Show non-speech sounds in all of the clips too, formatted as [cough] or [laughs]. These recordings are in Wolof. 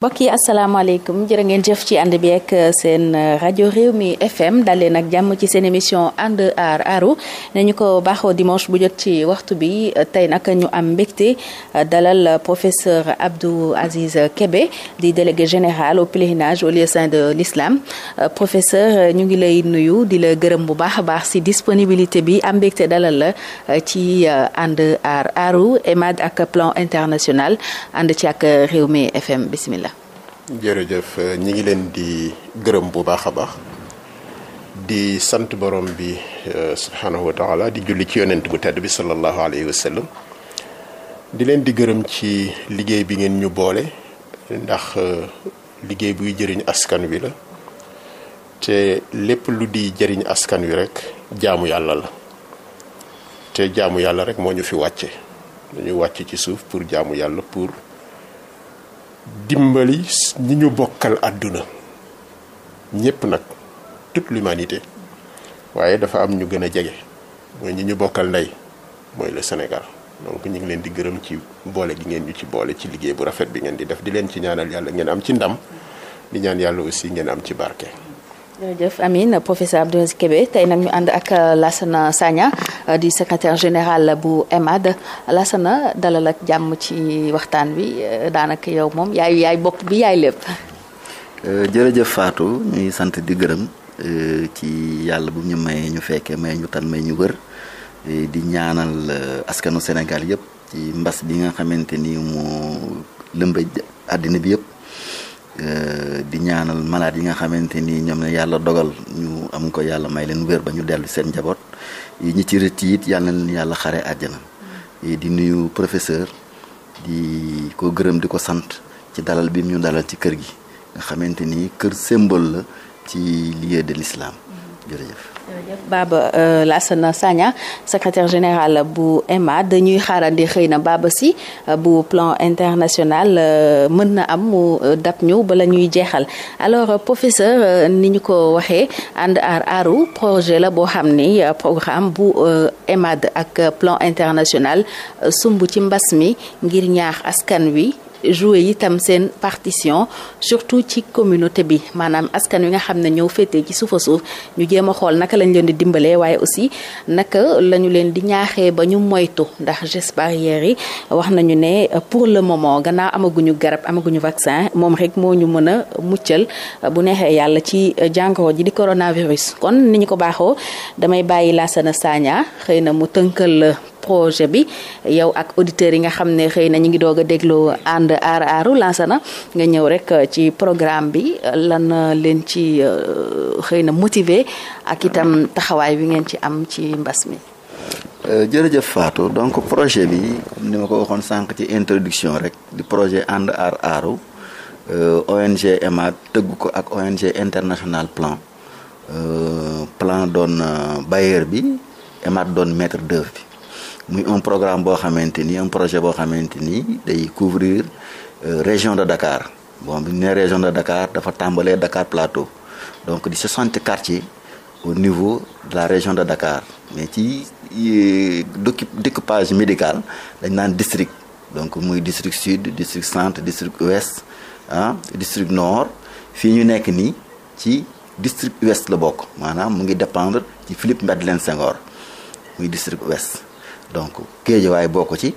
mbokk yi asalaamaaleykum jërë ngeen jëf ci ànd bi ak euh, seen euh, rajo réew mi FM dalee nag jàmm ci seen émission ànd aar aaru ne ñu ko baaxoo dimanche bu jot ci waxtu bi euh, tey nag ñu am mbégte dalal professeur Abdou Aziz kebe di délégué général au pèlerinage au lieu saint de l'islam professeur ñu ngi lay nuyu di la gërëm bu baax a baax si disponibilité bi am mbégte dalal la ci ànd aar aaru EMAD ak plan international ànd ci ak réew mi FM bismillah jërëjëf ñi ngi leen di gërëm bu baax a baax di sant borom bi euh, subhanahu wa taala di julli ci yonent bu tedd bi sallallahu alayhi wa di leen di gërëm ci liggéey bi ngeen ñu boole ndax euh, liggéey buy jëriñ askan wi la te lépp lu di jëriñ askan wi rek jaamu yàlla la te jaamu yàlla rek moo ñu fi wàcce dañu wàcc ci suuf pour jaamu yàlla pour dimbali ñi ñu bokkal àdduna ñëpp nag toute l'humanité waaye dafa am ñu gën a jege mooy ñi ñu bokkal ndey mooy le Sénégal donc ñu ngi leen di gërëm ci boole gi ngeen ñu ci boole ci liggéey bu rafet bi ngeen di def di leen ci ñaanal yàlla ngeen am ci ndam di ñaan yàlla aussi ngeen am ci barke. jërëjëf Amine professeur Abdou Kébé tey nag ñu ànd ak euh, Lassana Sagna euh, di secretaire général bu EMAD Lassana dalal ak jàmm ci waxtaan bi euh, daanaka yow moom yaay yaay bopp bi yaay lépp. jërëjëf Fatou ñuy sant di gërëm ci yàlla bu ñu may ñu fekkee may ñu ñu wër di ñaanal askanu Sénégal yëpp ci mbas bi nga xamante ni mu lëmbe àddina bi yëpp. Euh, di ñaanal malade yi nga xamante ni ñoom na yàlla dogal ñu am ko yàlla may leen wér ba ñu dellu seen njaboot yi ñi ci rëcc it yàlla na leen yàlla xare àjjana mm. di nuyu professeur di ko gërëm di ko sant ci dalal bi ñu dalal ci kër gi nga xamante ni kër symbole la ci lieu de l'islam mm. jërëjëf Baba euh, Lassana Sagna secrétaire général bu EMAD ñuy xaaral xaarandi xëy na Baba si euh, bu plan international euh, mën na am mu dab ñu bala ñuy jeexal alors professeur ni ñu ko waxee ànd aar aaru projet la boo xam ni programme bu EMAD ak plan international sumb ci mbas mi ngir ñaax askan wi. jouer itam seen partition surtout ci communauté bi maanaam askan wi nga xam ne ñëw féetee ci suufa suuf ñu jéem a xool naka lañ leen di dimbale waaye aussi naka lañu leen di ñaaxee ba ñu moytu ndax gestes barrières yi wax nañu ne pour le moment gannaaw amaguñu garab amaguñu vaccin moom rek moo ñu mën a muccal bu neexee yàlla ci jàngoro ji di coronavirus kon ni ñu ko baaxoo damay bàyyi Lassana Sagna xëy na mu tënkal projet bi yow ak auditeurs yi nga xam ne xëy na ñu ngi doog a déglu ànd aar aaru Lansana nga ñëw rek euh, ci programme bi euh, lan euh, leen ci xëy na motiver ak itam taxawaay bi ngeen ci am ci mbas mi. jërëjëf Fatou donc projet bi ni ma ko waxoon sànq ci introduction rek di projet ànd aar aaru ONG EMAD tëgg ko ak ONG international plan plan doon bailleur bi EMAD doon maître d'œuvre bi. muy un programme boo xamante ni un projet boo xamante ni day couvrir euh, région de Dakar bon bi ñu nee région de Dakar dafa tàmbalee Dakar Plateau donc di 60 quartiers au niveau de la région de Dakar mais ci euh, découpage médical dañ naan district donc muy district sud district centre district ouest ah district nord fii ñu nekk nii ci district ouest la bokk maanaam mu ngi dépendre ci Philippe Madeleine Senghor muy district ouest donc géejawaay bokk ci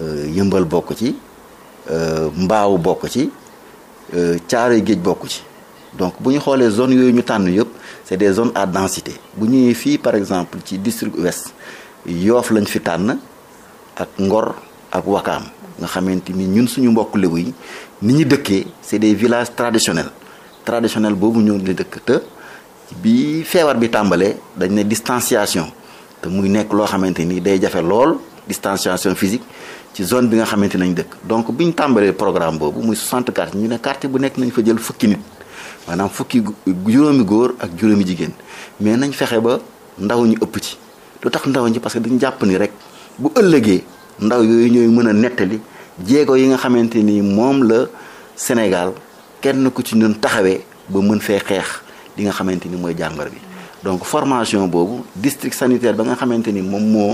euh, yëmbal bokk ci euh, mbaaw bokk ci caaroy euh, géej bokk ci donc bu ñu xoolee zone yooyu ñu tànn yëpp c'est des zones à densité bu ñuy fii par exemple ci district ouest yoof lañ fi tànn ak ngor ak wakaam nga xamante ni ñun suñu mbokk lébu yi ni ñu dëkkee c'est des village traditionnels traditionel boobu ñoo di dëkk te bi feebar bi tàmbalee dañ ne distanciation te muy nekk loo xamante nii day jafe lool distanciation physique ci zone bi nga xamante nañ dëkk donc bi ñu tàmbalee programme boobu muy 60 quartiers ñu ne quartier bu nekk nañ fa jël fukki nit maanaam fukki juróomi góor ak juróomi jigéen mais nañ fexe ba ndaw ñu ëpp ci lu tax ndaw ñi parce que dañu jàpp ni rek bu ëllëgee ndaw yooyu ñooy mën a nettali jéego yi nga xamante ni moom la Sénégal kenn ku ci ñun taxawee ba mën fee xeex li nga xamante ni mooy jàngoor bi donc formation boobu district sanitaire ba nga xamante ni moom moo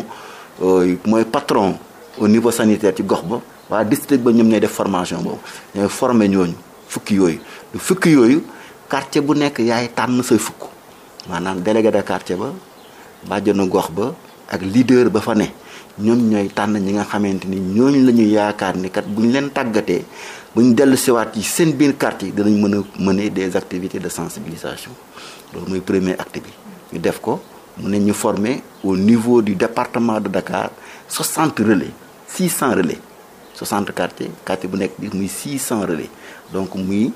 euh, mooy patron au niveau sanitaire ci gox ba waa district ba ñoom ñooy def formation boobu ñooy formé ñooñu fukki yooyu du fukki yooyu quartier bu nekk yaay tànn sa fukk maanaam délégué de quartier ba bàjjenu gox ba ak leader ba fa ne ñoom ñooy tànn ñi nga xamante ni ñooñu la ñuy yaakaar ni kat bu leen tàggatee bu ñu dellu siwaat seen biir quartier dinañ mën a mener des activités de sensibilisation loolu muy premier acte bi ñu def ko mu ne ñu former au niveau du département de Dakar 60 relais 600 relais 60 quartiers quartier bu nekk bi muy 600 relais donc muy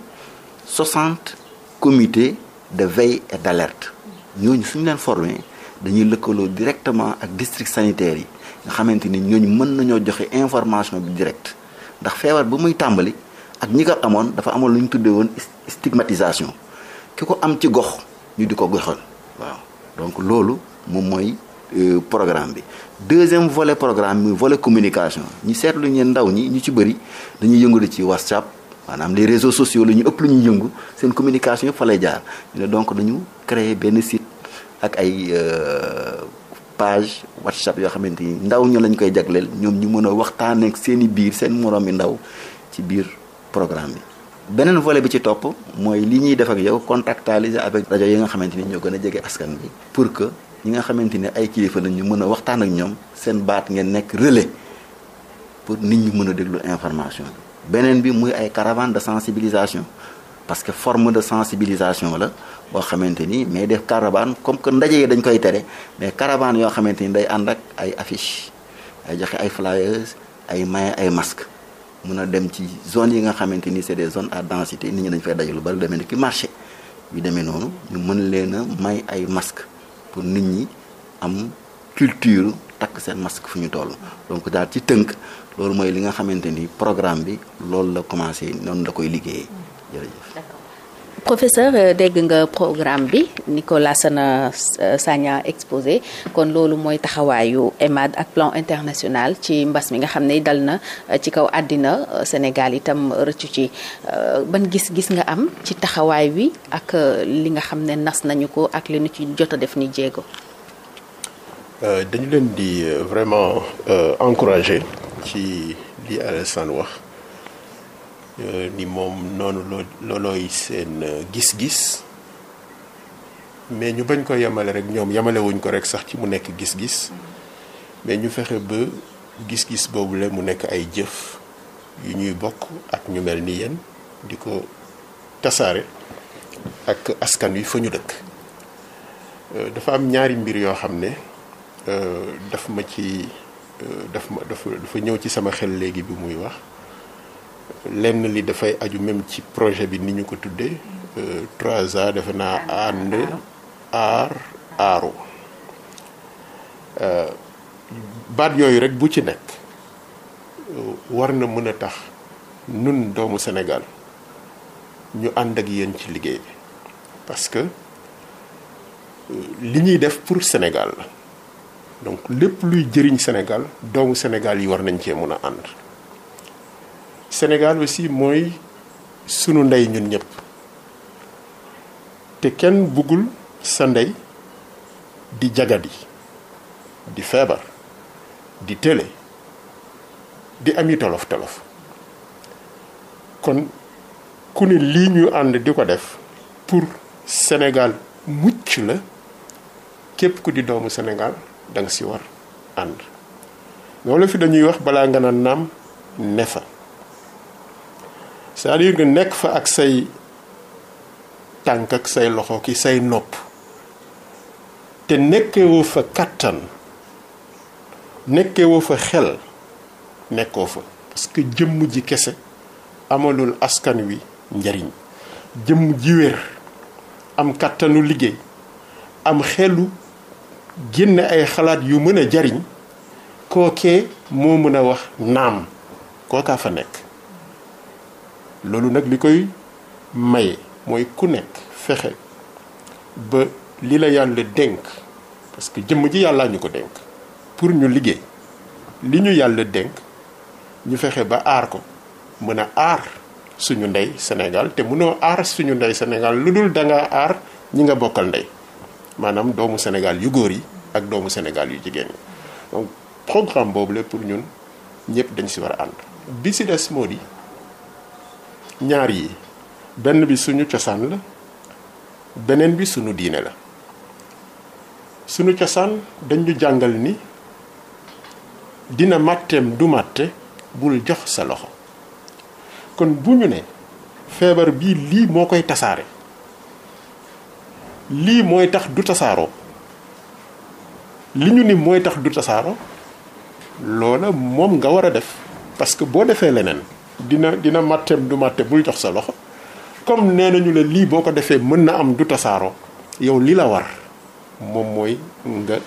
60 comités de veille et d' alerte ñooñu suñu leen former dañuy lëkkaloo directement ak district sanitaire yi nga xamante ni ñooñu mën nañoo joxe information bi direct ndax feebar bu muy tàmbali ak ñi ko amoon dafa amoon lu ñu tuddee woon stigmatisation ki ko am ci gox ñu di ko goxal waaw donc loolu moom mooy euh, programme bi deuxième vole programme bi vole communication ñu seetlu ñu ndaw ñi ñu ci bëri dañuy yëngu ci WhatsApp maanaam les réseaux sociaux la ñu ëpp lu ñu yëngu seen communication yëpp fa lay jaar ñu donc dañu créer benn site ak ay euh, page WhatsApp yoo xamante ni ndaw ñi lañ koy jagleel ñoom ñu mën a waxtaan ak seen biir seen moroom mi ndaw ci biir programme bi. beneen volet bi ci topp mooy li ñuy def ak yow contactaliser avec rajo yi nga xamante ni ñoo gën a jege askan bi pour que ñi nga xamante ni ay kilifa la ñu mën a waxtaan ak ñoom seen baat ngeen nekk relais pour nit ñi mën a déglu information beneen bi muy ay caravane de sensibilisation parce que forme de sensibilisation la boo xamante ni mais def caravane comme que ndaje yi dañ koy tere mais caravane yoo xamante ni day ànd ak ay affiche ay joxe ay flyers ay maye ay masques mun a dem ci zone yi nga xamante ni c'est des zones à densité nit ñi dañ fay daje lu bari demee ni ki marché yu demee noonu ñu mën leen a may ay masque pour nit ñi am culture takk seen masque fu ñu toll donc daal ci tënk loolu mooy li nga xamante ni programme bi loolu la commencé noonu la koy liggéeyee professeur euh, dégg nga programme bi ni ko Lassana euh, Sagna exposé kon loolu mooy taxawaayu EMAD ak plan international ci mbas mi nga xam ne dal na euh, ci kaw àddina Sénégal itam rëccu ci ban gis-gis nga am ci taxawaay wi ak li nga xam ne nas nañu ko ak li nu ci jot a def ni jéego. dañu leen di vraiment encourager ci li Alassane wax. Euh, ni moom noonu loo loolooy seen euh, gis-gis mais ñu bañ ko yemale rek ñoom yemale wuñ ko rek sax ci mu nekk gis-gis mais ñu fexe ba gis-gis boobu la mu nekk ay jëf yu ñuy bokk ak ñu mel ni yéen di ko tasaare ak askan wi fa ñu dëkk euh, dafa am ñaari mbir yoo xam ne daf ma ci daf ma dafa dafa ñëw ci sama xel léegi bi muy wax lenn li dafay aju même ci projet bi ni ñu ko tuddee euh, trois ans defe naa ànd aar aaru euh, baat yooyu rek bu ci nekk euh, war na mën a tax nun doomu Sénégal ñu ànd ak yéen ci liggéey bi parce que li ñuy def pour senegal la donc lépp luy jëriñ senegal doomu senegal yi war nañ cee mën a ànd senegal aussi mooy sunu ndey ñun ñëpp te kenn buggul sa ndey di jagadi di feebar di télé di ami tolof tolof kon ku ne lii ñuy ànd di ko def pour senegal mucc la képp ku di doomu senegal danga nga si war ànd loolu fi dañuy wax balaa nga naan naam ne fa cest nga nekk fa ak say tànk ak say loxo ki say nopp te nekkewoo fa kàttan nekkewoo fa xel nekkoo fa parce que ji kese amalul askan wi njariñ jëmm ji wér am kàttanu liggéey am xelu génn ay xalaat yu mën a jariñ kookee moo mën a wax naam kookaa fa nekk loolu nag li koy maye mooy ku nekk fexe ba li la yàlla dénk parce que jëmm ji yàlla ñu ko dénk pour ñu liggéey li ñu yàlla dénk ñu fexe ba aar ko mën a aar suñu ndey Sénégal te mënoo aar suñu ndey Sénégal lu dul da ngaa aar ñi nga bokkal ndey maanaam doomu Sénégal yu góor yi ak doomu Sénégal yu jigéen yi donc programme boobu la pour ñun ñëpp dañu si war a ànd bi si des moo ñaar yi benn bi suñu cosaan la beneen bi suñu diine la suñu cosaan dañu jàngal ni dina màtteem du màtte bul jox sa loxo kon bu ñu ne feebar bi lii moo koy tasaare lii mooy tax du tasaaroo li ni mooy tax du tasaaroo loola moom nga war a def parce que boo defee leneen dina dina matteem du matte bul jox sa loxo comme nee nañu la lii boo ko defee mën na am du tasaaroo yow li la war moom mooy nga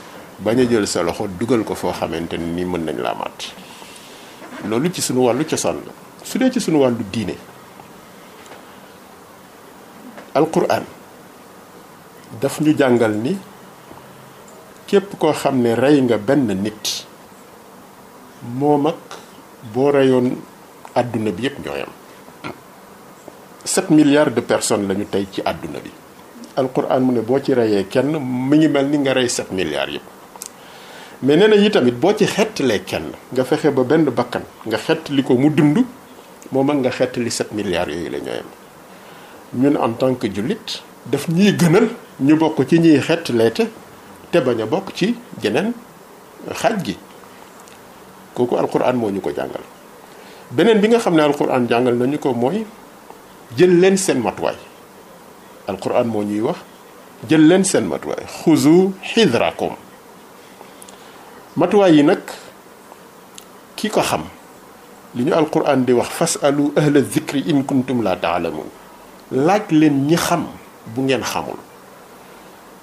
bañ a jël sa loxo dugal ko foo xamante ni mën nañ laa matt loolu ci sunu wàllu cosaan la su dee ci sunu wàllu diine alquran daf ñu jàngal ni képp koo xam ne rey nga benn nit moom ak boo reyoon àdduna bi yëpp ñooyam 7 milliards de personnes lañu tey ci àdduna bi alquran mu ne boo ci reyee kenn mi ngi mel ni nga rey 7 milliards yëpp mais ne na yi tamit boo ci xettalee kenn nga fexe ba benn bakkan nga xettali ko mu dund moom ak nga xettali 7 milliards yooyu la ñooyam ñun en tant que jullit daf ñuy gënal ñu bokk ci ñuy xettaleete te bañ a bokk ci jeneen xaj gi kooku alquran moo ñu ko jàngal beneen bi nga xam ne alquran jàngal nañu ko mooy jël leen seen matuwaay alquran moo ñuy wax jël leen seen matuwaay xuzu xidrakum matuwaay yi nag ki ko xam li ñu alquran di wax fasalu ahla zikri in kuntum la taalamun laaj leen ñi xam bu ngeen xamul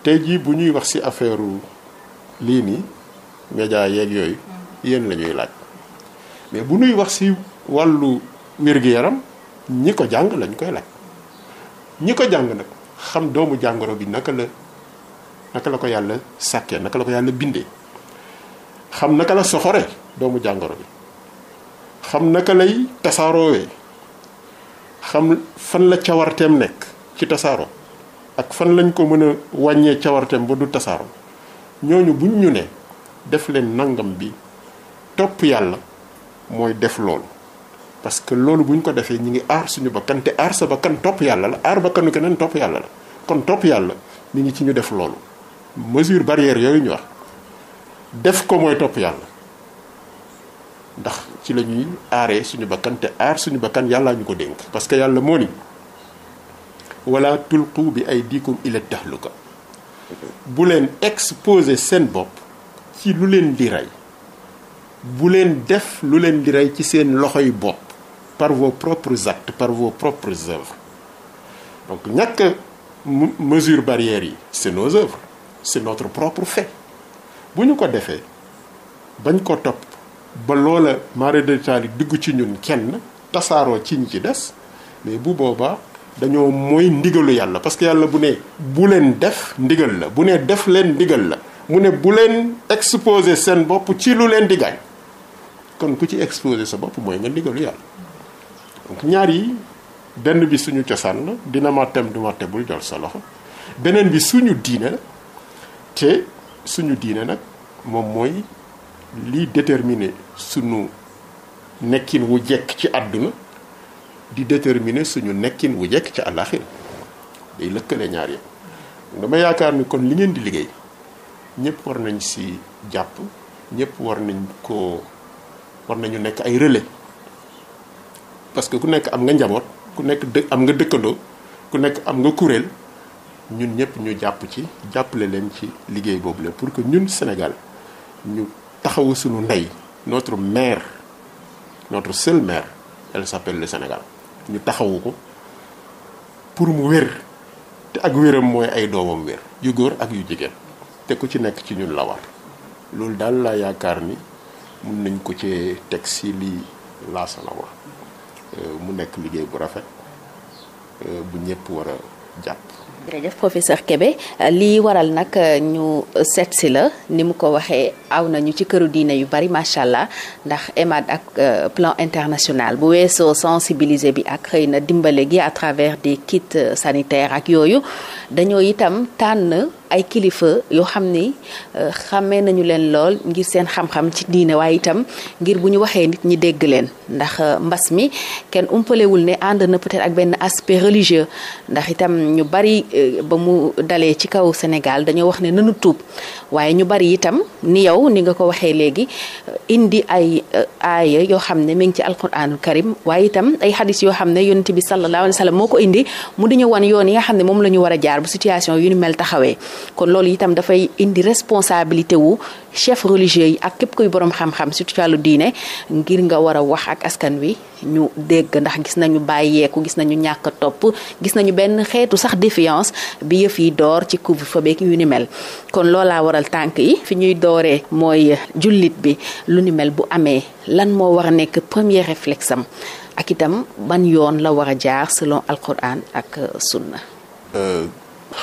tey jii bu ñuy wax ci affaire lii nii média yeeg yooyu yéen la laaj mais bu ñuy wax ci wàllu wér-gu-yaram ñi ko jàng lañ koy laaj ñi ko jàng nag xam doomu jàngoro bi naka la naka la ko yàlla sàkkee naka la ko yàlla bindee xam naka la soxore doomu jàngoro bi xam naka lay tasaaroo tasaaroowee xam fan la cawarteem nekk ci tasaaroo ak fan lañ ko mën a wàññee cawarteem ba du tasaaroo ñooñu bu ñu ne def leen nangam bi topp yàlla mooy def loolu parce que loolu bu ñu ko defee ñi ngi aar suñu bakkan te aar sa bakkan topp yàlla la aar bakkanu keneen topp yàlla la kon topp yàlla mi ngi ci ñu def loolu mesure barrière yooyu ñu wax def ko mooy topp yàlla ndax ci la ñuy aaree suñu bakkan te aar suñu bakkan yàllaa ñu ko dénk parce que yàlla moo ni wala tulqu bi ay diikum ila tahluka bu leen exposer seen bopp ci lu leen di rey bu leen def lu leen di rey ci seen loxoy bopp par vos propres actes par vos propres œuvres donc ñàkk mesure barrière yi c'est nos œuvres c'est notre propre fait bu ñu ko defee bañ ko topp ba loola marie de taal yi dugg ci ñun kenn tasaaroo ci ñi ci des mais bu boobaa dañoo mooy ndigalu yàlla parce que yàlla bu ne bu leen def ndigal la bu ne def leen ndigal la mu ne bu leen exposer seen bopp ci lu leen di gaañ kon ku ci exposer sa bopp mooy nga ndigalu yàlla ñaar yi benn bi suñu cosaan la dina ma tem du ma tebul jol sa beneen bi suñu diine la te suñu diine nag moom mooy lii déterminer suñu nekkin wu jekk ci àdduna di déterminer suñu nekkin wu jekk ci àllaaxira day lëkkale ñaar yi dama yaakaar ni kon li ngeen di liggéey ñëpp war nañ si jàpp ñëpp war nañ ko war nañu nekk ay relais parce que ku nekk am nga njaboot ku nekk dë am nga dëkkandoo ku nekk am nga kuréel ñun ñëpp ñu jàpp ci jàppale leen ci liggéey boobu la pour que ñun senegal ñu taxawu suñu ndey notre mère notre seule mère elle s'appelle le Sénégal ñu taxawu ko pour mu wér te ak wéram mooy ay doomam wér yu góor ak yu jigéen te ku ci nekk ci ñun la loolu daal laa yaakaar ni mun nañ ko ci teg si lii laa sana wax Euh, mu nekk liggéey bu rafet euh, bu ñëpp war a jàpp. jërëjëf professeur Kébé waral nag euh, ñu seet si la ni mu ko waxee aw nañu ci këru diine yu bari macha allah ndax EMAD ak plan international bu weesoo sensibiliser bi ak xëy na dimbale gi à travers des kits sanitaires ak yooyu dañoo itam tànn. ay kilifa yoo xam ni euh, xàmmee nañu leen lool ngir seen xam-xam ci diine waaye itam ngir bu ñu waxee nit ñi dégg leen ndax euh, mbas mi kenn umpalewul ne ànd na peut-être ak benn aspect religieux ndax itam ñu bari euh, ba mu dalee ci kaw Sénégal dañoo wax ne nanu tuub waaye ñu bari itam ni yow ni nga ko waxee léegi indi ay eh, aaya yoo xam ne mi ngi ci alquranul karim waaye itam ay xadis yoo xam ne yonent bi sallallahu alayhi wa sallam moo ko indi mu di ñu won yoon yi nga xam ne moom la ñu war a jaar bu situation yu ni mel taxawee kon loolu itam dafay indi responsabilité wu chef religieux yi ak képp kuy boroom xam-xam surtout ci wàllu diine ngir nga war a wax ak askan wi ñu dégg ndax gis nañu bàyyeeku gis nañu ñàkk topp gis nañu benn xeetu sax défiance bi yëf yi door ci couvre-feu beeg yu ni mel kon loolaa waral tànk yi fi ñuy dooree mooy jullit bi lu ni mel bu amee lan moo war a nekk premier réflexe ak itam ban yoon la war a jaar selon alquran ak sunna euh,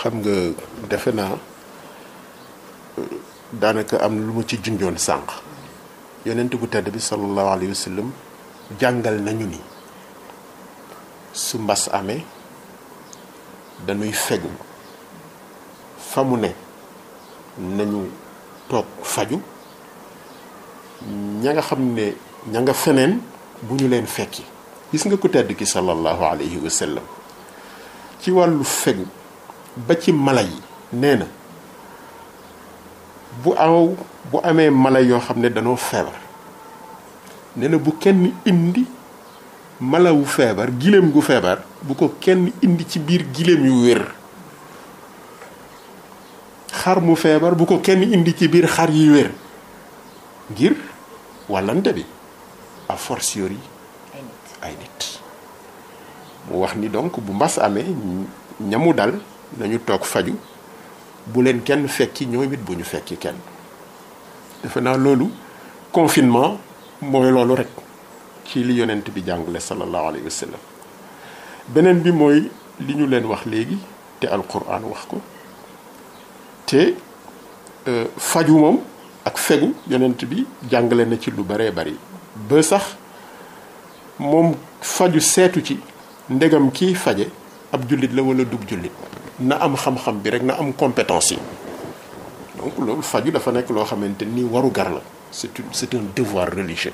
xam daanaka am lu ma ci junjoon sànq yonent bu tedd bi sallallahu alayhi wa sallam jàngal nañu ni su mbas amee dañuy fegu fa ne nañu toog faju ña nga xam ne ña nga feneen bu ñu leen fekki gis nga ku tedd ki sallallahu alayhi wa sallam ci wàllu fegu ba ci mala yi nee na bu aw bu amee mala yoo xam ne danoo feebar nee bu kenn indi mala wu feebar giléem gu feebar bu ko kenn indi ci biir giléem yu wér xar mu feebar bu ko kenn indi ci biir xar yi wér ngir wàllante bi a yi ay nit mu wax ni donc bu mbas amee ñamu dal nañu toog faju bu leen kenn fekki ñooy it bu ñu fekki kenn defe naa loolu confinement mooy loolu rek ci li yonent bi jàngale sallallahu alayhi wa beneen bi mooy li ñu leen wax léegi te alquran wax ko te euh, faju moom ak fegu yonent bi jàngale na ci lu bëree bëri ba sax moom faju seetu ci ndegam kii faje ab jullit la wala dug jullit na am xam-xam bi rek na am compétence yi donc loolu faju dafa nekk loo xamante ni waru gar la c'est une c'est un devoir religieux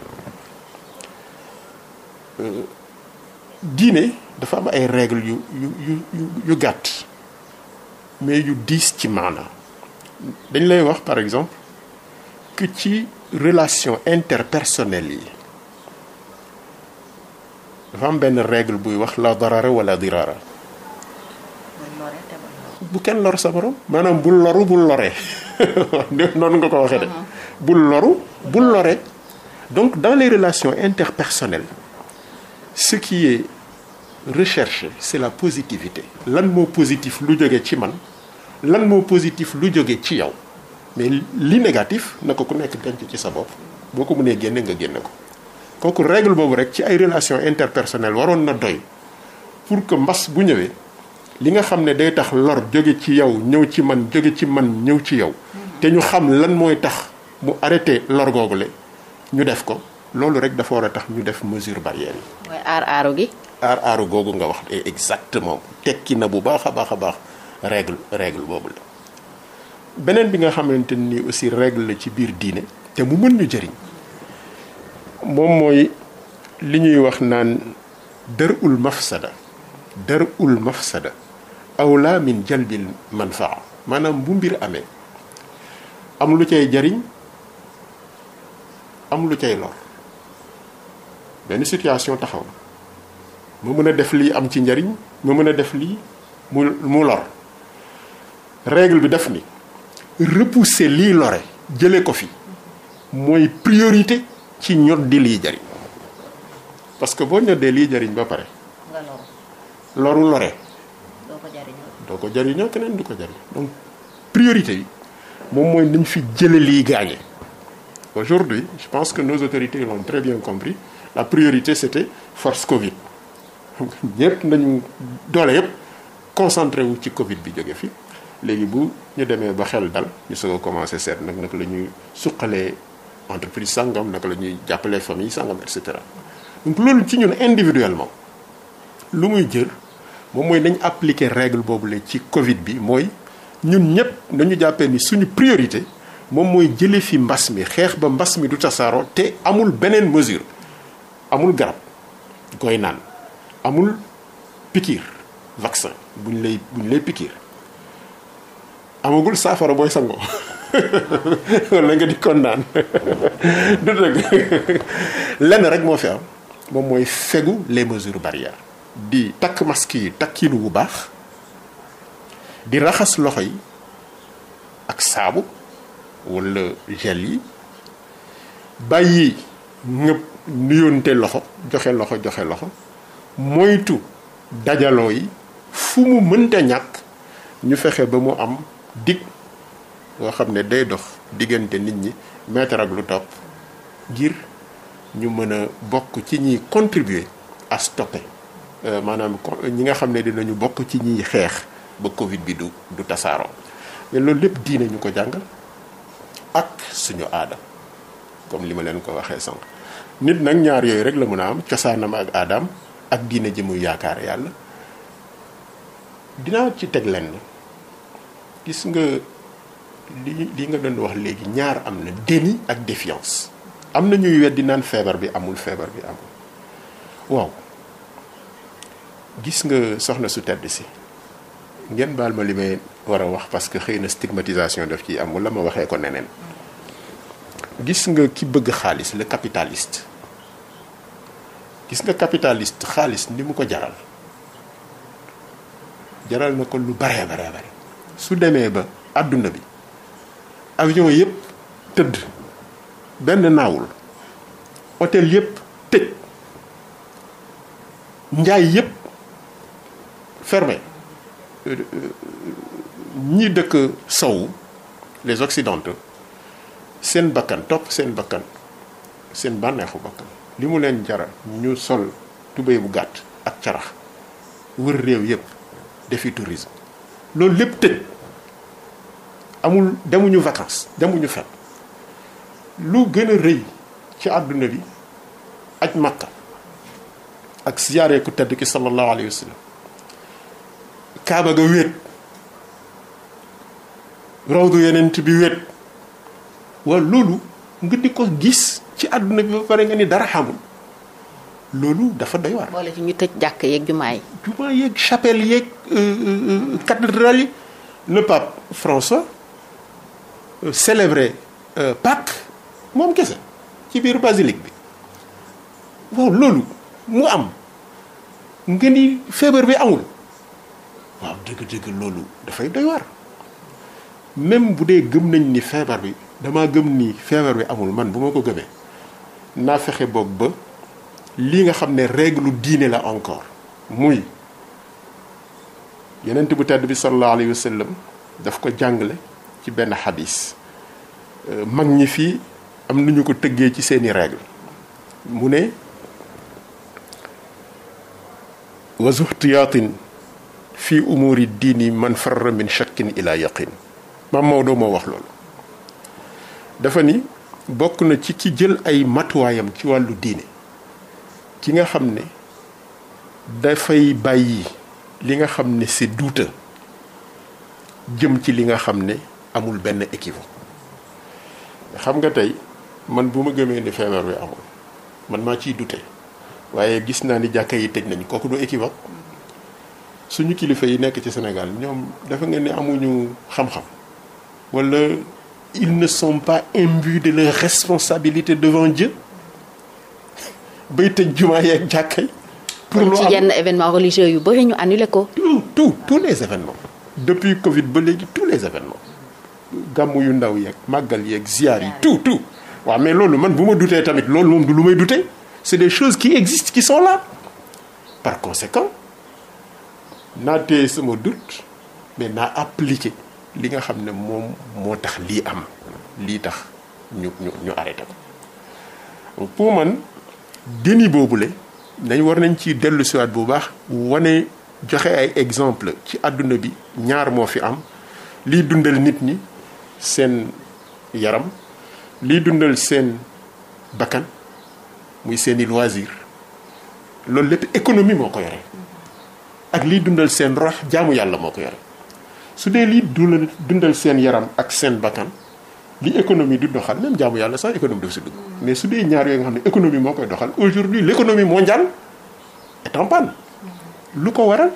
euh, diine dafa am ay règles yu yu yu yu gàtt mais yu diis ci maanaa dañ lay wax par exemple que ci relation interpersonnelle yi dafa am benn règle buy wax la darara wala dirara bu kenn lor sa morom maanaam bul loru bul lore [laughs] noonu nga ko waxee de uh-huh. bul loru bul lore donc dans les relations interpersonnelles ce recherche est c'est la positivité lan moo positif lu jóge ci man lan moo positif lu jóge ci yow mais li négatif na ko ku nekk denc ci sa bopp boo ko munee génne nga génne ko kooku règle boobu rek ci ay relations interpersonnelles waroon na doy pour que mbas bu ñëwee li nga xam ne day tax lor jóge ci yow ñëw ci man jóge ci man ñëw ci yow te ñu xam lan mooy tax mu arrêté lor googule ñu def ko loolu rek dafa war a tax ñu def mesure barrière yi. mooy aar aar googu nga wax exactement tekki na bu baax a baax a baax règle règle boobu la beneen bi nga xamante nii aussi règle la ci biir diine te mu mën ñu jëriñ moom mooy li ñuy wax naan dër ul mafsada dër ul mafsada awla min jalbil manfaa maanaam bu mbir amee am lu cay jariñ am lu cay lor benn situation taxaw ma mën a def lii am ci njariñ ma mën a def lii mu mu lor règle bi def ni repousser lii lore jële ko fi mooy priorité ci ñod di lii jariñ parce que boo ñoddee lii jariñ ba pare loru lore doo ko jariñoo keneen du ko jariñ donc priorité yi moom mooy nañ fi jële lii gaañe aujourd'hui je pense que nos autorités l'ont très bien compris la priorité c'était force Covid ñëpp nañu doole yëpp concentré wu ci Covid bi jóge fi léegi bu ñu demee ba xel dal ñu soog commencé seet nag naka la ñuy suqalee entreprise sangam naka la ñuy jàppalee famille sangam et cetera donc loolu ci ñun individuellement lu muy jër moom mooy nañ appliquer règle boobu la ci Covid bi mooy ñun ñëpp nañu jàppee ni suñu priorité moom mooy jëlee fi mbas mi xeex ba mbas mi du tasaaroo te amul beneen mesure amul garab koy naan amul pikiir vaccin buñ lay buñ lay pikiir amagul saafara booy sangoo [laughs] wala nga di kon naan [laughs] du dëgg [laughs] lenn rek moo fi am moom mooy fegu les mesures barrières di takk masque yi takkiinu bu baax di raxas loxo yi ak saabu wala gel yi bàyyi ñëpp nuyoonte loxo joxe loxo joxe loxo moytu dajaloo yi fu mu mënta ñàkk ñu fexe ba mu am dikk boo xam ne day dox diggante nit ñi meetar ak lu topp ngir ñu mën a bokk ci ñuy contribuer à Euh, maanaam ñi nga xam ne dinañu bokk ci ñuy xeex ba Covid bi du du tasaaroo mais loolu lépp diine ñu ko jàngal ak suñu aadam comme li ma leen ko waxee sànq nit nag ñaar yooyu rek la mën a am cosaanam ak aadaam ak diine ji muy yaakaar yàlla dinaa ci teg lenn gis nga li li nga doon wax léegi ñaar am na déni ak défiance am na ñuy weddi naan feebar bi amul feebar bi amul waaw gis nga soxna su tedd si ngeen baal ma li may war a wax parce que xëy na stigmatisation def ciy am wala ma waxee ko neneen gis nga ki bëgg xaalis le capitaliste gis nga capitaliste xaalis ni mu ko jaral jaral na ko lu baree baree bare su demee ba àdduna bi avion yëpp tëdd benn naawul hôtel yëpp tëj njaay yëpp fermé euh, euh, ñi dëkk sow les occidentaux seen bakkan topp seen bakkan seen bànneexu bakkan li mu leen jara ñu sol tubéy bu gàtt ak carax wër réew yëpp defi tourisme loolu lépp tëj amul demuñu vacances demuñu fet lu gën a rëy ci àdduna bi ak makka ak siyaaree ku tedd ki sallallahu alayhi sallam kaaba ga wéet rawdu yenent bi wéet waaw loolu nga di ko gis ci àdduna bi ba pare nga ni dara xamul loolu dafa doy waar. boole ci ñu tëj jàkk yeeg jumaa yi. jumaa yeeg chapelle yeeg euh, euh, cathédrale yi le pape François euh, célébré Pâques moom kese ci biir basilique bi waaw loolu mu am nga ni feebar bi amul. waaw dëgg-dëgg loolu dafay doy war même bu dee gëm nañ ni feebar bi damaa gëm ni feebar bi amul man bu ma ko gëmee naa fexe boog ba lii nga xam ne règle diine la encore muy yenent bu tedd bi sallallahu alayhi wa daf ko jàngale ci benn xadis euh, mag ñi fii am nañu ko tëggee ci seeni règle mu ne wa zuhtiyaatin fii umuri diini man farra min shakkin ila yaqin maam Maodo moo wax loolu dafa ni bokk na ci ci jël ay matuwaayam ci wàllu diine ki nga xam ne dafay bàyyi li nga xam ne si doute jëm ci li nga xam ne amul benn équivoque xam nga tey man bu ma gëmee ni feebar bi amul man maa ciy duute waaye gis naa ni jàkka yi tëj nañu kooku du équivoque suñu kilifa yi nekk ci Sénégal ñoom dafa ngeen ni amuñu xam-xam wala ils ne sont pas imbus de leur responsabilité devant Dieu bay tëj jumaa yeeg jàkka yi pour lu am ci yenn événement religieux yu bëri ñu annulé ko. tout tout tous les événements depuis Covid ba léegi tous les événements gàmmu yu ndaw yeeg màggal yeeg ziar yi tout tout. waaw mais loolu man bu ma dutee tamit loolu moom du lu may dutee c'est des choses qui existent qui sont là par conséquent. naa téye sama doute mais naa appliqué li nga xam ne moom moo tax lii am lii tax ñu ñu ñu arrêté ko pour man déni boobule dañ war nañ ci dellu siwaat bu baax wane joxe ay exemple ci àdduna bi ñaar moo fi am lii dundal nit ñi seen yaram lii dundal seen bakkan muy seeni loisir loolu lépp économie moo ko yore ak liy dundal seen rox jaamu yàlla moo ko yore su dee liy dundal seen yaram ak seen bakkan li economie du doxal même jaamu yàlla sax économie dafa si dugg mais su dee ñaar yooyu nga xam ne économie moo koy doxal aujourd'hui l'économie mondiale est en panne lu ko waral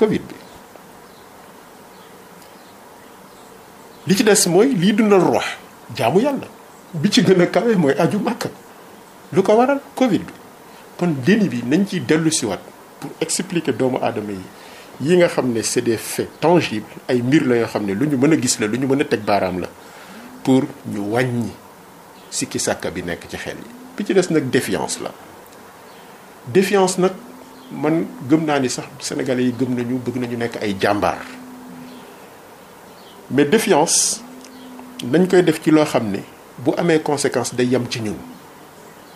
Covid li ci des mooy lii dundal rox jaamu yàlla bi ci gën a kawe mooy aju màkk lu ko waral Covid bi kon déni bi nañ ci dellu siwaat pour expliquer doomu aadama yi yi nga xam ne c'est des faits tangibles ay mbir la yoo xam ne lu ñu mën a gis la lu ñu mën a teg baaraam la pour ñu wàññi sikki sàkka bi nekk ci xel yi bi ci des nag défiance la défiance nag man gëm naa ni sax sénégalais yi gëm nañu bëgg nañu nekk ay jàmbaar mais défiance nañ koy def ci loo xam ne bu amee conséquence day yem ci ñun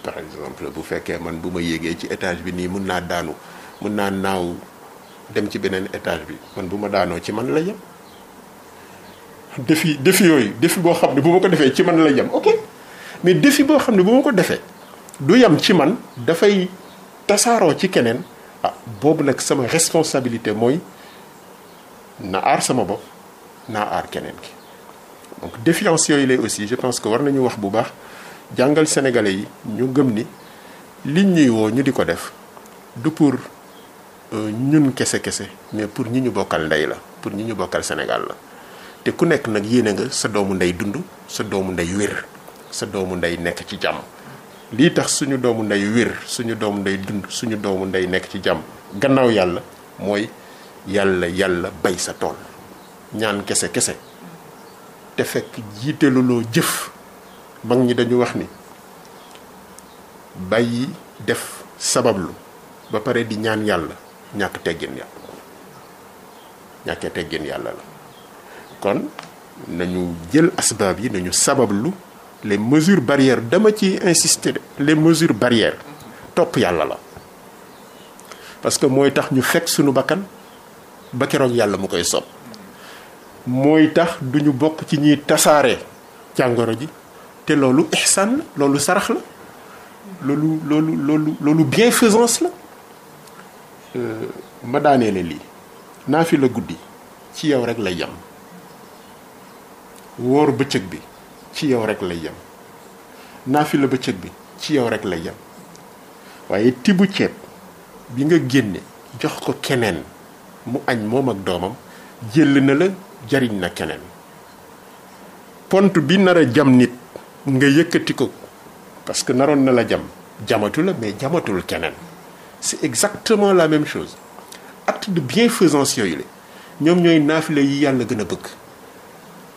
par exemple bu fekkee man bu ma yéegee ci étage bi nii mun naa daanu mën naa naaw dem ci beneen étage bi man bu ma daanoo ci man la yem défi défi yooyu défi boo xam ne bu ma ko defee ci man la yem ok mais défi boo xam ne bu ko defee du yem ci man dafay tasaaroo ci keneen ah boobu nag sama responsabilité mooy na aar sama bopp naa aar keneen ki donc défiance yooyu lay aussi je pense que war nañu wax bu baax jàngal sénégalais yi ñu gëm ni liñ ñuy woo ñu di ko def du pour ñun kese kese mais pour ñi ñu bokkal ndey la pour ñi ñu bokkal senegal la te ku nekk nag yéene nga sa doomu ndey dund sa doomu ndey wér sa doomu ndey nekk ci jàmm lii tax suñu doomu ndey wér suñu doomu ndey dund suñu doomu ndey nekk ci jàmm gannaaw yàlla mooy yàlla yàlla bay sa tool ñaan kese kese te fekk jiiteluloo jëf mag ñi dañu wax ni bàyyi def sabablu ba pare di ñaan yàlla ñàkk teggin ya ñàkkee teggin yàlla la kon nañu jël asbaab yi nañu sabablu les mesures barrières dama ci insister les mesures barrières topp yàlla la parce que mooy tax ñu fekk sunu bakkan ba keroog yàlla mu koy sob mooy tax duñu bokk ci ñiy tasaare jàngoro ji te loolu ihsan la loolu sarax la loolu loolu loolu loolu bienfaisance la Euh, ma daaneele lii naafi la guddi ci yow rek lay yem wóor bëccëg bi ci yow rek lay yem naafi la bëccëg bi ci yow rekk lay yem waaye tibu ceeb bi nga génne jox ko keneen mu añ moom ak doomam jël na la jariñ na keneen pont bi nar a jam nit nga yëkkati ko parce que naroon na la jam jamatu la mais jamatul keneen c'est exactement la même chose acte de bienfaisance yooyu la ñoom ñooy naafile yi yàlla gën a bëgg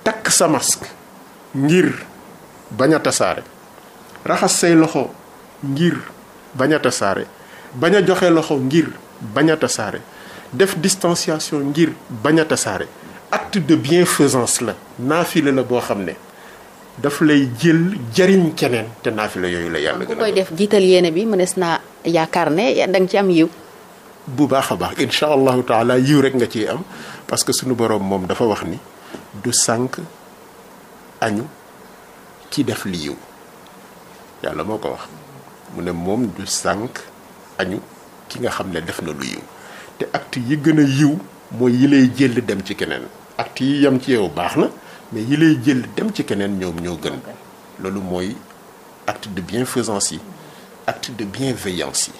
takk sa masque ngir bañ a tasaare raxas say loxo ngir bañ a bañ a joxe loxo ngir bañ a tasaare def distanciation ngir bañ a tasaare acte de bienfaisance la naafile la boo xam ne daf lay jël jariñ keneen te naafile yooyu la yàlla gën a bëgg. yaakaar ne da nga ci am yiw. bu baax a baax incha allahu taala yiw rek nga ciy am parce que sunu borom moom dafa wax ni du sànq añu ci def yiw yàlla moo ko wax mu ne moom du sànq añu ki nga xam ne def na lu yiw te act yi gën a yiw mooy yi lay jël dem ci keneen acte yi yam ci yow baax na mais yi lay jël dem ci keneen ñoom ñoo gën loolu mooy acte de bienfaisance yi. acte de bienveillance yi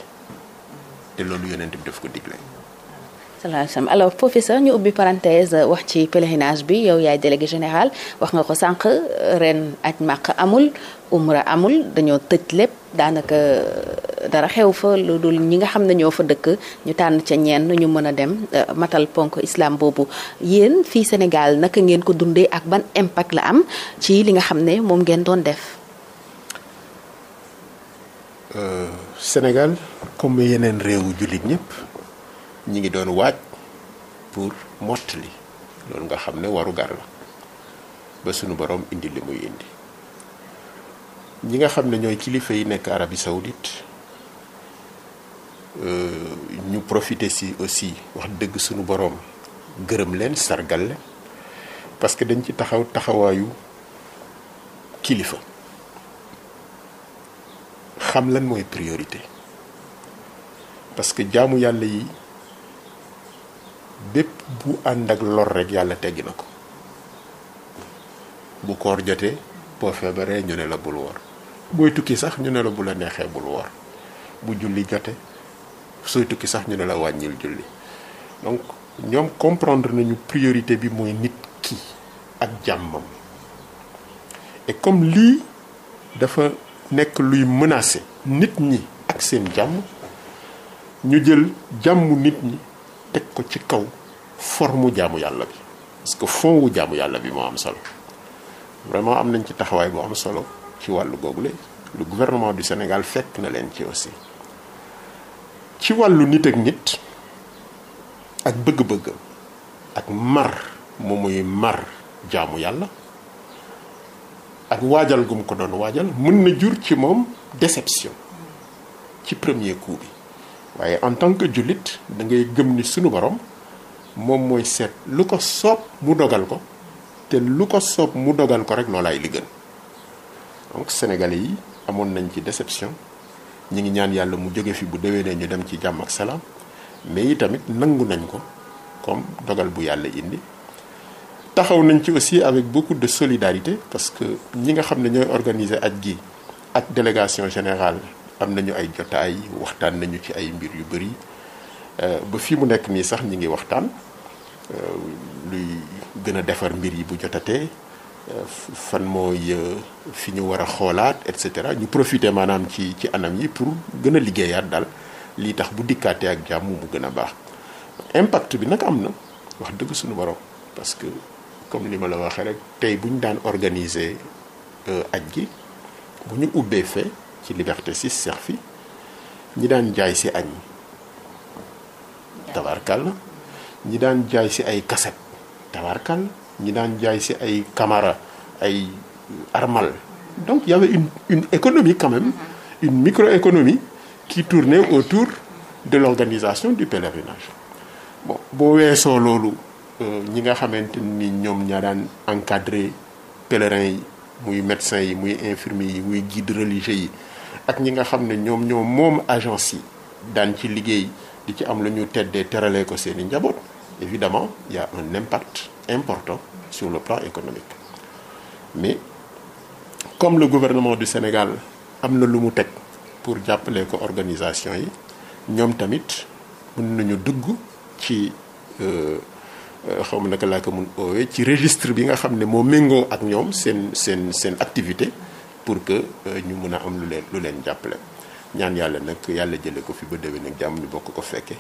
te loolu yonent bi daf ko digle. salaamaaleykum alors ñu ubbi parenthèse euh, wax ci pèlerinage bi yow yaay délégué général wax nga ko sànq ren aj màq amul umra amul dañoo tëj lépp daanaka euh, dara xew fa lu dul ñi nga xam ne ñoo fa dëkk ñu tànn ca ñenn ñu mën a dem euh, matal ponk islam boobu yéen fii Sénégal naka ngeen ko dundee ak ban impact la am ci li nga xam ne moom ngeen doon def. Euh, Sénégal comme yeneen réewu jullit ñëpp ñi ngi doon waaj pour mottali loolu nga xam ne warugar la ba sunu borom indi li muy indi ñi nga xam ne ñooy kilifa yi nekk Arabie Saoudite euh, ñu profité si aussi wax dëgg sunu borom gërëm leen sargal leen parce que dañ ci taxaw taxawaayu kilifa. xam lan mooy priorité parce que jaamu yàlla yi bépp bu ànd ak lor rek yàlla teggi na ko bu koor jotee boo feebaree ñu ne la bul woor booy tukki sax ñu ne la bu la neexee bul woor bu julli jotee sooy tukki sax ñu ne la wàññil julli donc ñoom comprendre nañu priorité bi mooy nit ki ak jàmmam et comme lii dafa nekk luy menacer nit ñi ak seen jàmm ñu jël jàmmu nit ñi teg ko ci kaw forme jaamu yàlla bi parce que fond jàmm yàlla bi moo am solo vraiment am nañ ci taxawaay bu am solo ci wàllu googule le gouvernement du Sénégal fekk na leen ci aussi ci wàllu nit ak nit ak bëgg-bëgg ak mar moom muy mar jaamu yàlla ak waajal gum ko doon waajal mën na jur ci moom déception ci premier coup bi waaye en tant que julit da ngay gëm ni suñu borom moom mooy seet lu ko soob mu dogal ko te lu ko soob mu dogal ko rek loolaay li gën donc sénégalais yi amoon nañ ci déception ñi ngi ñaan yàlla mu jóge fi bu déwénee ñu dem ci jàmm ak sela mais yi tamit nangu nañ ko comme dogal bu yàlla indi taxaw nañ ci aussi avec beaucoup de solidarité parce que ñi nga xam ne ñooy organiser aj gi ak délégation générale am nañu ay jotaay waxtaan nañu ci ay mbir yu bëri euh, ba fii mu nekk nii sax ñi ngi waxtaan euh, luy gën a defar mbir yi bu jotatee euh, fan mooy fi ñu war a xoolaat et cetera ñu profiter maanaam ci ci anam yi pour gën a liggéeyaat daal lii tax bu dikkaatee ak jàmm mu gën a baax impact bi nag am na wax dëgg suñu borom parce comme ni ma la waxee rek tey bu ñu daan organiser euh, aj gi bu ñu ubbee fee ci liberté 6 seex fi ñi daan jaay si añ tabarkal ñi daan jaay si ay kaset tabarkal ñi daan jaay si ay camara ay armal donc y avait une une économie quand même mm-hmm. une microéconomie qui tournait autour de l'organisation du pèlerinage bon boo weesoo loolu Euh, ñi nga xamante ni ñoom ñaa daan encadré pèlerins yi muy médecins yi muy infirmiers yi muy guide religieux yi ak ñi nga xam ne ñoom ñoo moom agence yi daan ci liggéey di ci am lu ñu teddee teralee ko seeni njaboot évidemment il y a un impact important sur le plan économique mais comme le gouvernement du Sénégal am na lu mu teg pour jàppale ko organisation yi ñoom tamit mën nañu dugg ci euh, Euh, xaw ma naka laa ko mun oowee ci registre bi nga xam ne moo méngoo ak ñoom seen seen seen activité pour que euh, ñu mun a am lu leen lu leen jàppale ñaan yàlla nag yàlla jële ko fi ba déwén nag jàmm ñu bokk ko fekkee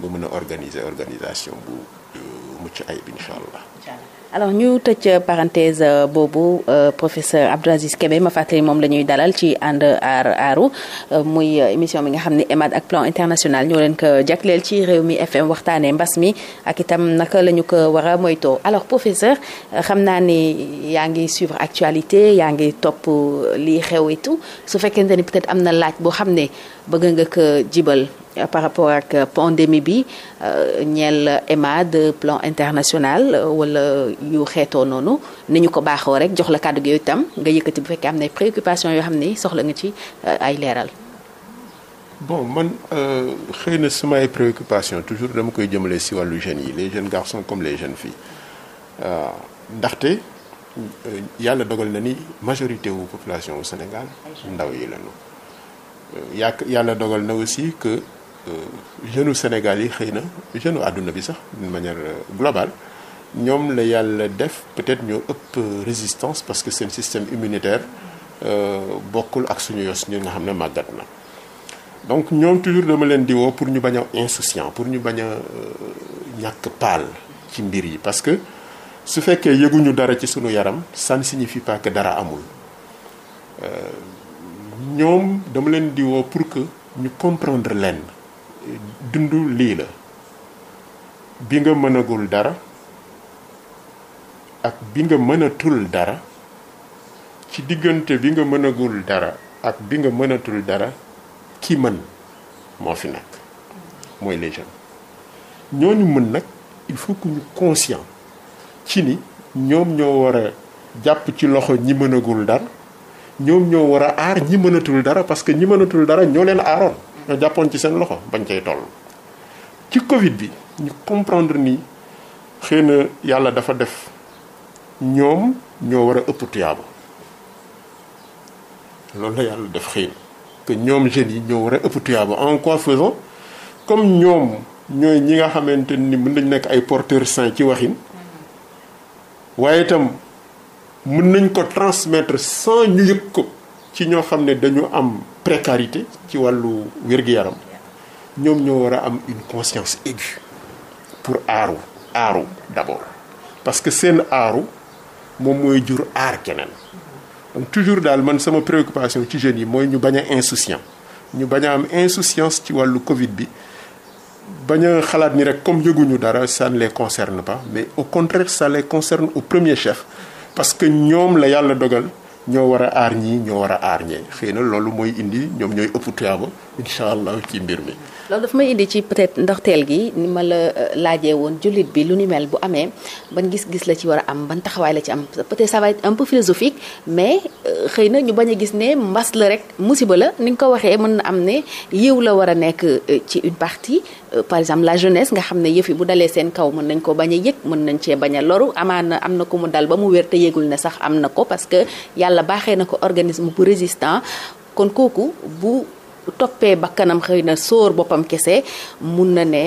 ba mën a organiser organisation bu euh, mucc ayib incha allah alors ñu tëj euh, parenthèse euh, boobu euh, professeur Abdouaziz Kébé ma fàttali moom la dalal ci ànd aar aaru muy émission bi nga xam ni EMAD ak plan international ñoo leen ko jagleel ci réew mi FM waxtaanee mbas mi ak itam naka la ñu ko war a moytoo alors professeur xam naa ni yaa ngi suivre actualité yaa ngi topp lii xew et su fekkente ni peut-être am na laaj boo xam ne bëgg nga ko jibal Euh, par rapport ak euh, pandémie bi euh, ñeel EMAD plan international wala yu xeetoo noonu ni ñu ko baaxoo rek jox la kàddu gi yooyu tam nga yëkkati bu fekkee am na préoccupation yoo xam ni soxla nga ci ay leeral. bon man xëy na sama ay préoccupation toujours dama koy jëmale si wàllu jeunes yi les jeunes garçons comme les jeunes filles ndaxte yàlla dogal na ni majorité wu population Sénégal ndaw yi lañu yàlla dogal na aussi que Euh, jeune Sénégal yi xëy na jeune àdduna bi sax d'une manière euh, globale ñoom la yàlla def peut-être ñoo ëpp résistance parce que seen système immunitaire euh, bokkul ak suñu yos ñu nga xam ne màggat na donc ñoom toujours dama leen di woo pour ñu bañ a insouciant pour ñu baña a ñàkk paal ci mbir yi parce que su fekkee yëguñu dara ci suñu yaram san ne signifie pas que dara amul ñoom dama leen di woo pour que ñu comprendre leen dund lii la bi nga mënagul dara ak bi nga mënatul dara ci diggante bi nga mënagul dara ak bi nga mënatul dara ki mën moo fi nekk mooy les jeunes ñooñu mën nag il faut que ñu conscient ci ni ñoom ñoo war jàpp ci loxo ñi mënagul dara ñoom ñoo war a aar ñi mënatul dara parce que ñi mënatul dara ñoo leen aaroon ñoo jàppoon ci seen loxo bañ cay toll. ci Covid bi ñu comprendre ni xëy na yàlla dafa def ñoom ñoo war a ëpp tuyaaba loolu la yàlla def xëy na que ñoom jeunes yi ñoo war a ëpp tuyaaba en quoi comme ñoom ñooy ñi nga xamante ni mun nañ nekk ay porteurs sains ci waxin waaye itam mën nañ ko transmettre sans ñu yëg ko. ci ñoo xam ne dañu am précarité ci wàllu wér-gu-yaram ñoom ñoo war a am une conscience aiguë pour aaru aaru d'abord parce que seen aaru moom mooy jur aar keneen toujours daal man sama préoccupation ci jeunes yi mooy ñu bañ a insouciant ñu bañ a am insouciance ci wàllu Covid bi bañ a xalaat ni rek comme yëguñu dara ça ne les concerne pas mais au contraire ça concerne au premier chef parce que ñoom la yàlla dogal ñoo war aar ñii ñoo war a aar ñee xëy na loolu mooy indi ñoom ñooy ëpp tuyaaba incha allah ci mbir mi. loolu dafa may indi ci peut-être ndoxteel gi ni ma la euh, laajee woon jullit bi lu nu mel bu amee ban gis-gis la ci war a am ban taxawaay la ci am peut-être ça va être un philosophique mais euh, xëy na ñu bañ a gis ne mbas la rek musiba la ni nga ko waxee mën na am ne yiw la war a nekk euh, ci une partie. par exemple la jeunesse nga xam ne yëf yi bu dalee seen kaw mën nañ ko bañ a yëg mën nañ cee bañ a loru amaana am na ko mu dal ba mu wér te yëgul ne sax am na ko parce que yàlla baaxee na ko organisme bu résistant kon kooku bu toppee bakkanam xëy na soor boppam kese mun na ne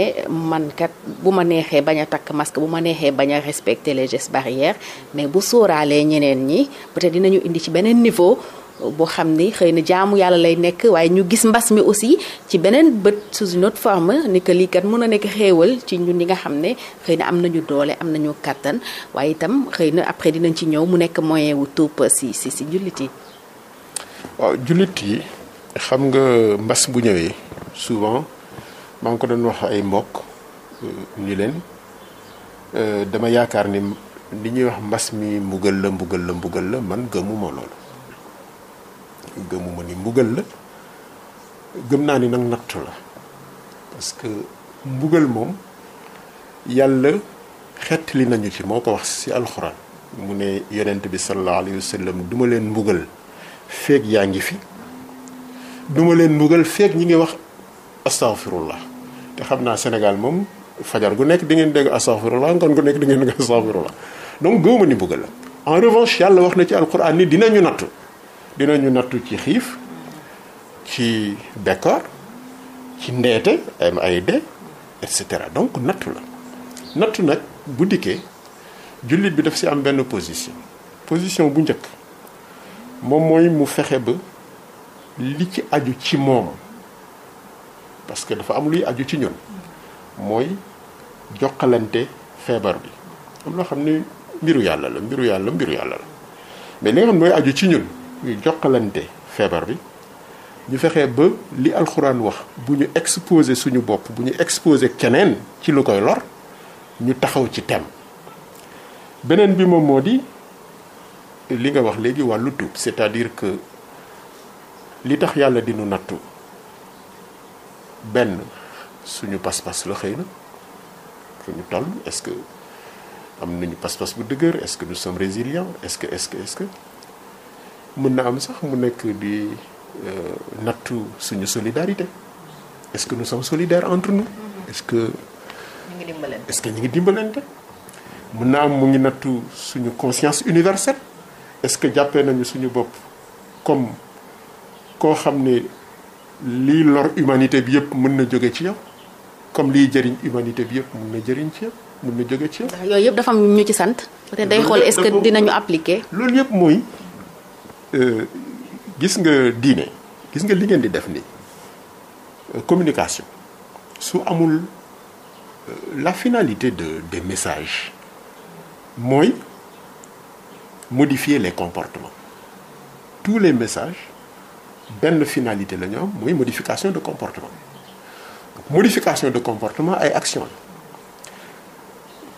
man kat bu ma neexee bañ a takk masque bu ma neexee bañ a respecter les gestes barrières mais bu sóoraalee ñeneen ñi peut-être dinañu indi ci beneen niveau boo xam ni xëy na jaamu yàlla lay nekk waaye ñu gis mbas mi aussi ci beneen bët sous une autre forme ni que lii kat mën a nekk xéewal ci ñun ñi nga xam ne xëy na am nañu doole am nañu kàttan waaye itam xëy na après dinañ ci ñëw mu nekk moyen wu tuub si si si jullit yi. jullit yi xam nga mbas bu ñëwee souvent maa ngi ko doon wax ay mbokk euh, ñu leen euh, dama yaakaar ni li ñuy wax mbas mi mbugël la mbugal la mbugal la man gëmuma loolu. gëmuma ni mbugal la gëm naa ni nag nattu la parce que mbugal moom yàlla xettali nañu ci moo ko wax ci alxuraan mu ne yonent bi sallallahu alayhi wa sallam du leen mbugal feeg yaa ngi fi duma leen mbugal feeg ñi ngi wax astaghfirullah te xam naa Sénégal moom fajar gu nekk di ngeen dégg astaghfirullah ngoon gu nekk di ngeen dégg astaghfirullah donc gëwuma ni mbugal en revanche yàlla wax na ci alxuraan ni dinañu nattu dina ñu nattu ci xiif ci bekkoor ci ndeete am ay de et cetera donc nattu la nattu nag bu dikkee jullit bi daf si am benn position position bu njëkk moom mooy mu fexe ba li ci aju ci moom parce que dafa am luy aju ci ñun mooy jokkalante feebar bi am loo xam ni mbiru yàlla la mbiru yàlla mbiru yàlla la mais li nga xam ne mooy aju ci ñun jokkalante feebar bi ñu fexee ba li alxuraan wax bu ñu exposé suñu bopp bu ñu exposé keneen ci lu koy lor ñu taxaw ci tem beneen bi moom moo di li nga wax léegi wàllu tuub c'est-à-dire que li tax yàlla dinu nattu benn suñu pas-pas la xëy na fu ñu toll est-ce que am nañu pas-pas bu dëgër est-ce que nous sommes résilients est-ce que est mën na am sax mu nekk di euh, nattu suñu solidarité est-ce que nous sommes solidaire entre nous. Mm-hmm. est-ce que. ñu ngi dimbalante est-ce que ñu ngi dimbalante. mën na am mu ngi nattu suñu conscience universelle est-ce que jàppee nañu suñu bopp comme koo xam ne lii lor humanité bi yëpp mën na jóge ci yow comme liy jëriñ humanité bi yëpp mën na jëriñ ci yow mën na jóge ci yow. yooyu yëpp dafa am ñu ci sant. te day xool est-ce que dinañu appliquer. loolu yëpp mooy. Euh, gis nga diine gis nga li ngeen di def nii euh, communication su amul euh, la finalité de des messages mooy modifier les comportements tous les messages benn finalité la ñu am mooy modification de comportement modification de comportement ay action la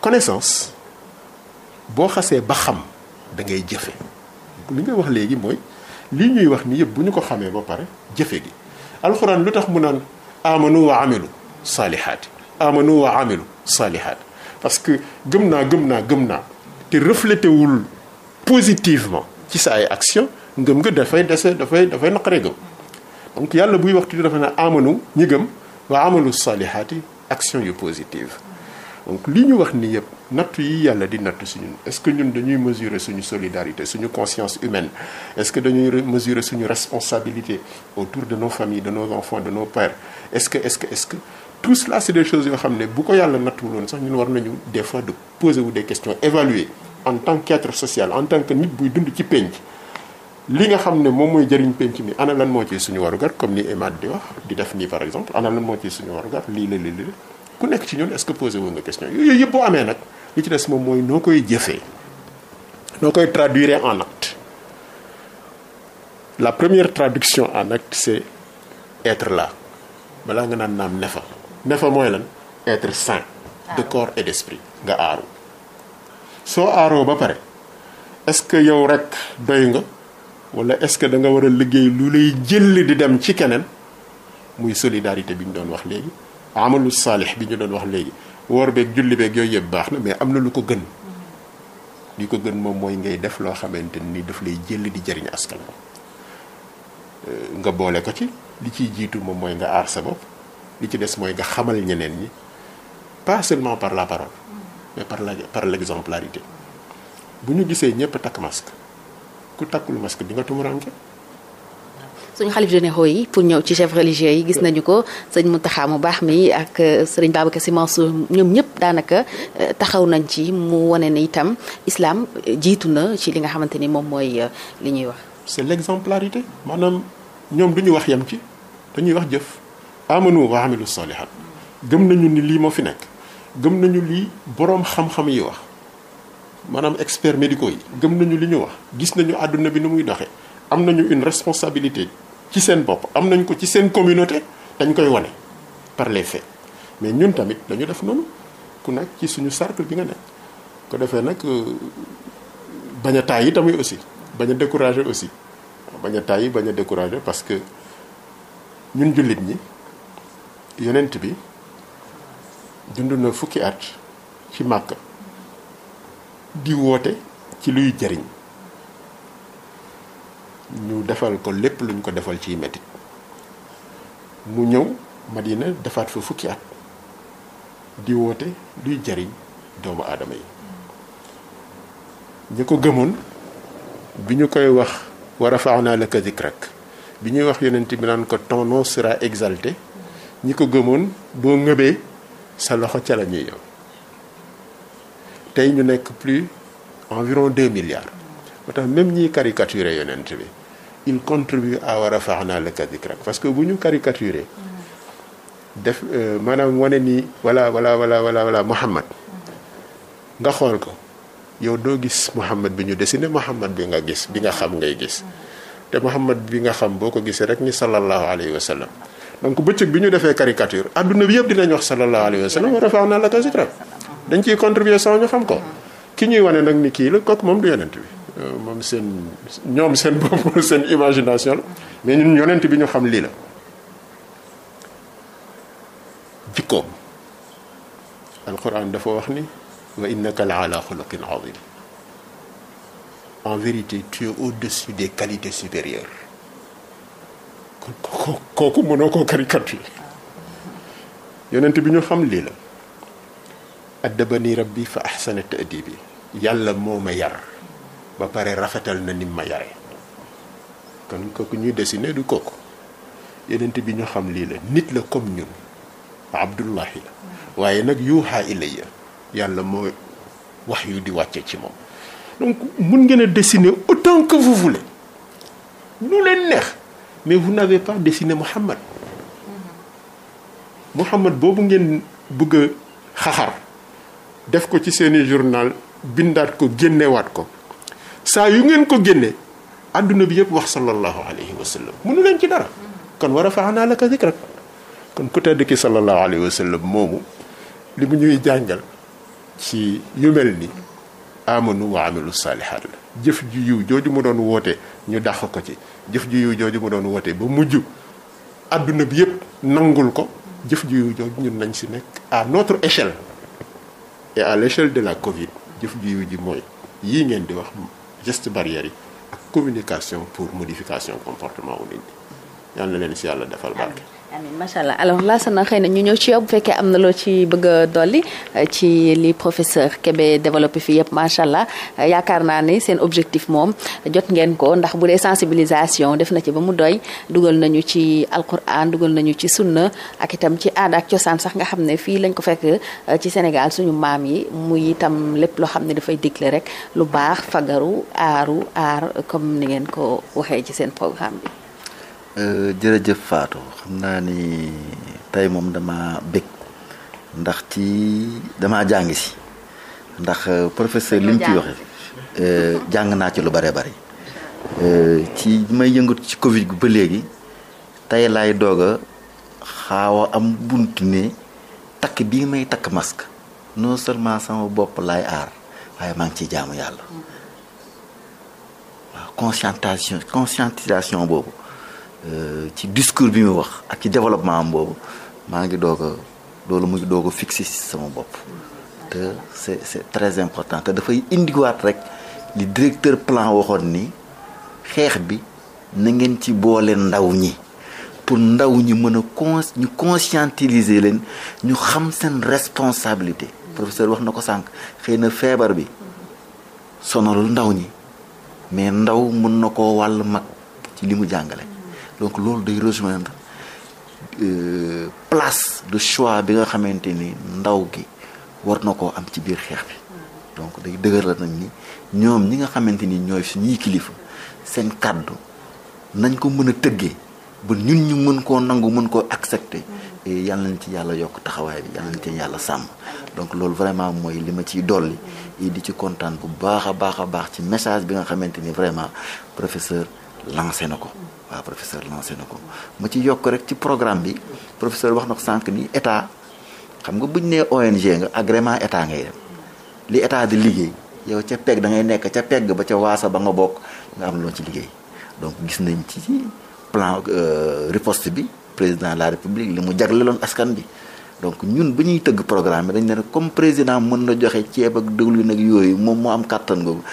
connaissance boo xasee ba xam da ngay jëfe li nga wax léegi mooy lii ñuy wax ni yëpp bu ñu ko xamee ba pare jëfe gi alxuraan lu tax mu naan amanu wa amilu saalihaati amanu wa amilu saalihaati parce que gëm naa gëm naa gëm naa te reflété wul positivement ci sa ay action ngëm nga dafay dese dafay dafay naqaree gëm donc yàlla buy waxtu dafa ne amanu ñi gëm waa amalu saalihaati action yu positive donc li ñu wax nii yëpp nattu yi yàlla di nattu si ñun est que ñun dañuy mesurer suñu solidarité suñu conscience humaine est dañuy mesurer suñu responsabilité autour de nos familles de nos enfants de nos pères est-ce que est-ce que est-ce que tout cela c'est des de poser en tant qu'être dund ci penc li nga xam ne moom mooy moo ci suñu warugar comme ni Emad di moo suñu warugar lii la lii la ku nekk ci ñun yooyu yëpp boo amee nag. li ci des moom mooy noo koy jëfee noo koy traduire en acte la première traduction en acte c'est être la balaa nga naan naam nefa nefa mooy lan être sain de corps et d'esprit nga aaru soo aaroo ba pare est-ce que yow rek doy nga wala est-ce que da nga war a liggéey lu lay jëlli di dem ci keneen muy solidarité bi ñu doon wax léegi amalu saalix bi ñu doon wax léegi woor beeg julli beeg yooyu yëpp baax na mais am na lu ko gën li ko gën moom mooy ngay def loo xamante ni daf lay jël di jëriñ askan euh, nga boole ko ci li ciy jiitu moom mooy nga aar sa bopp li ci des mooy nga xamal ñeneen ñi pas seulement par la parole mais par la par l'exemplarité bu ñu gisee ñëpp takk masque ku takkul masque di nga tumuranke suñ xalif généraux yi pour ñëw ci chef religieux yi gis nañu ko sëñ Mountakha mu baax mi ak euh, sëriñ Babacar Sy Mansour ñoom ñëpp daanaka euh, taxaw nañ ci mu wane ne itam islam euh, jiitu na ci li nga xamante ni moom mooy li ñuy wax. c'est l'exemplarité maanaam ñoom du ñu wax yam ci dañuy wax jëf. amanu wa amilu salihat gëm nañu ni lii moo fi nekk gëm nañu lii boroom xam-xam yi wax maanaam experts médicaux yi gëm nañu li ñu wax gis nañu àdduna bi nu muy doxee am nañu une responsabilité ci seen bopp am nañ ko ci seen communauté dañ koy wane par les fait mais ñun tamit dañu def noonu ku nag ci suñu cercle bi nga nekk ko defee nag euh, bañ yi tàyyi tamit aussi bañ a découragé aussi bañ a tàyyi bañ a découragé parce que ñun jullit ñi yenent bi jundu na fukki at ci màkk di woote ci luy jëriñ ñu defal ko lépp luñ ko defal ciy métit mu ñëw Madina defaat fa fukki at di woote luy jariñ doomu aadama yi ñi ko gëmoon bi ñu koy wax naa rafa'na laka rek bi ñuy wax yonent bi naan ko ton nom sera exalté ñi ko gëmoon boo ngëbee sa loxo ca la ñuy yow tey ñu nekk plus environ deux milliards moo tax même ñiy caricaturé yonent bi il contribue à wa rafa'na laka rek parce que bu ñu caricaturer def euh, maanaam wane nii wala wala wala wala wala Muhammad nga xool ko yow doo gis Muhammad bi ñu dessiné Muhammad bi nga gis bi nga xam ngay gis te Muhammad bi nga xam boo ko gisee rek ni sallallahu alayhi wa sallam donc bëccëg bi ñu defee caricature adduna bi yëpp dinañ wax sallallahu alayhi wa sallam wa rafa'na laka dhikrak dañ ciy contribuer sax ñu xam ko ki ñuy wane nag ni kii la kooku moom du yonent moom seen ñoom seen [laughs] bopp seen imagination la mais ñun yonent bi ñu xam lii la jikkoom alquran dafa wax ni wa innaka la ala xuluqin azim en vérité tu es au-dessus des qualités supérieures kooku mënoo koo caricature yonent bi ñu xam lii la addabani rabbi fa ahsana ta'dibi yàlla moo ma yar ba pare rafetal na nim ma yare kon kooku ñuy dessiné du kooku yenent bi ñu xam lii la nit la comme ñun waaye nag yuuxaa ilayya yàlla moo wax yu di wàcce ci moom donc mun ngeen a dessiner autant que vous voulez lu leen neex mais vous n'avez pas dessiné Muhammad Muhammad boobu ngeen bëgg a xaxar def ko ci seeni journal bindaat ko génnewaat ko saa yu ngeen ko génne adduna bi yëpp wax sallallahu alayhi wa sallam leen ci dara kon war a faanaa laka zikrak kon ku tedd ki sallallahu alayhi wa moomu li mu ñuy jàngal ci yu mel ni amanu wa amilu saalihaat la jëf ji yiw jooju ma doon woote ñu dàq ko ci jëf ji yiw jooju mu doon woote ba mujj adduna bi yëpp nangul ko jëf ji yiw jooju ñun nañ si nekk a notre échelle et à l'échelle de la Covid jëf ju yiw ji mooy yii ngeen di wax geste barrières yi ak communication pour modification comportement wu nit ñi yal na leen si yàlla defal barke. amiin macha allah xëy na ñu ñëw ci yow bu fekkee am na ci bëgg a dolli euh, ci li professeur Kébé développé fii yëpp macha allah euh, yaakaar naa ne seen objectif moom jot ngeen ko ndax bu dee sensibilisation def na ci ba mu doy dugal nañu ci alquran dugal nañu ci sunna ak itam ci aada ak cosaan sax nga xam ne fii lañ ko fekk euh, ci Sénégal suñu maam yi muy itam lépp loo xam ne dafay digle rek lu baax fagaru aaru aar comme ni ngeen ko waxee ci seen programme bi. Euh, jërëjëf Fatou xam naa ni tey moom dama bég ndax ci dama jàng si ndax euh, professeur li mu ci waxee euh, jàng naa ci lu bare bari ci may yëngatu ci Covid ba léegi tey laay doog a xaaw a am bunt ne takk bii may takk mask non seulement sama bopp laay aar waaye maa ngi ciy jaamu yàlla waaw conscientisation conscientisation boobu Euh, ci discours bi mu wax ak ci développement am boobu maa ngi doog a loolu mu ngi doog a fixé sama bopp te c'est c'est très important te dafay indiwaat rek li directeur plan waxoon ni xeex bi na ngeen ci boole ndaw ñi pour ndaw ñi mën a con ñu conscientiser leen ñu xam seen responsabilité professeur wax na ko sànq xëy na feebar bi sonalul ndaw ñi mais ndaw mun na koo wàll mag ci li mu jàngale donc loolu day rejoindre euh, place de choix bi nga xamante ni ndaw gi war na koo am ci biir xeex bi donc day dëgër la nag ni ñoom ñi nga xamante ni ñooy suñuy kilifa seen kàddu nañ ko mën a tëggee ba ñun ñu mën koo nangu mën koo accepter yàlla nañ ci yàlla yokk taxawaay bi yàlla nañ ci yàlla sàmm donc loolu vraiment mooy li ma ciy dolli di ci kontaan bu baax a baax a baax ci message bi nga xamante ni vraiment professeur lancé na ko waaw professeur lancé na ko ma ci yokk rek ci programme bi professeur wax na ko sànq ni état xam nga buñ nee ONG nga agrément état ngay dem li état di liggéey yow ca pegg da ngay nekk ca pegg ba ca waasa ba nga bokk nga am loo ci liggéey donc gis nañ ci plan euh, riposte bi président la république li mu loon askan bi donc ñun bu ñuy tëgg programme bi dañ ne comme président mën na joxe ceeb ak déglu nag yooyu moom moo am kàttan googu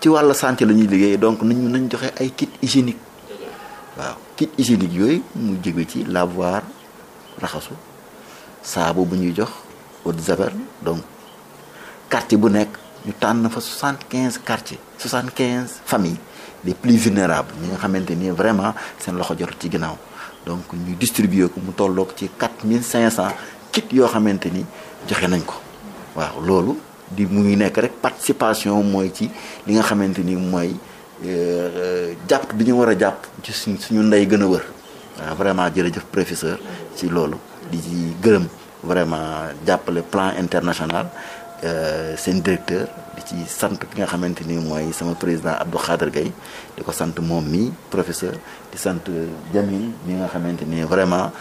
ci wàll santé la ñuy liggéey donc nañ nañ joxe ay kit hygiénique waaw kit hygiénique yooyu mu jóge ci lavoir raxasu saabu bu ñuy jox eau de javel donc quartier bu nekk ñu tànn fa soixante quinze quartiers soixante quinze familles les plus vulnérables ñi nga xamante ni vraiment seen loxo jot ci ginnaaw donc ñu distribuer ko mu tolloo ko ci quatre mille cinq cent kit yoo xamante ni joxe nañ ko waaw loolu. di mu ngi nekk rek participation mooy ci li nga xamante ni mooy euh, jàpp bi ñu war a jàpp ci suñu ndey gën a wër waaw vraiment jërëjëf professeur ci loolu di ci gërëm vraiment jàppale plan international euh, seen directeur di ci sant ki nga xamante ni mooy sama président Abdou Khader Gueye di ko sant moom mi professeur di sant euh, Jamil mi nga xamante ni vraiment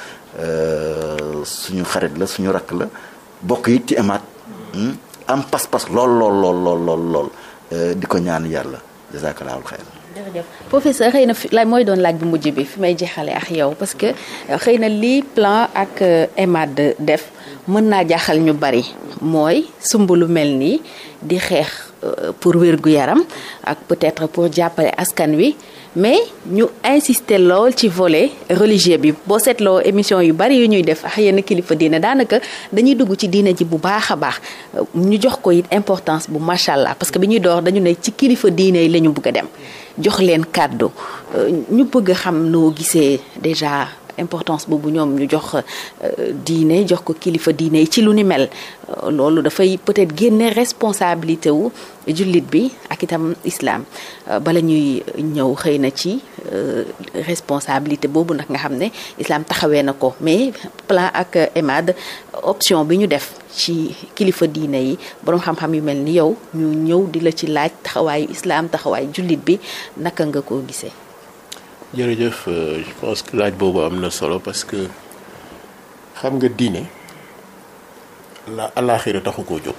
suñu xarit la suñu rakk la bokk yi ci emaat hmm? am pas-pas lool lool lool lool lool lool euh, di ko ñaan yàlla jazaakallaahu xayran jërëjëf professeur xëy na la mooy doon laaj bu mujj bi fi may jeexale ak yow parce que euh, xëy na lii plan ak euh, EMAD def mën naa jaaxal ñu bari mooy sumb lu mel nii di xeex pour wér gu yaram ak peut-être pour jàppale askan wi mais ñu insister lool ci volet religieux bi boo seetloo émission yu bari yu ñuy def ak yenn kilifa diine daanaka dañuy dugg ci diine ji bu baax a baax ñu jox ko it importance bu macha allah parce que bi ñuy door dañu ne ci kilifa diine yi la ñu bëgg a dem jox leen kàddu ñu bëgg xam noo gisee déjà. importance boobu ñoom ñu jox euh, diine jox ko kilifa diine yi ci lu ni mel euh, loolu dafay peut-être génne responsabilité wu jullit bi ak itam islaam euh, bala ñuy ñëw xëy na ci responsabilité boobu nag nga xam ne islam taxawee na ko mais plan ak EMAD option bi ñu def ci kilifa diine yi boroom xam-xam yu mel ni yow ñu ñëw di la ci laaj taxawaayu islaam taxawaay jullit bi naka nga ko gisee. jërëjëf euh, je pense que laaj boobu am na solo parce que xam nga diine la alaaxira taxu koo jóg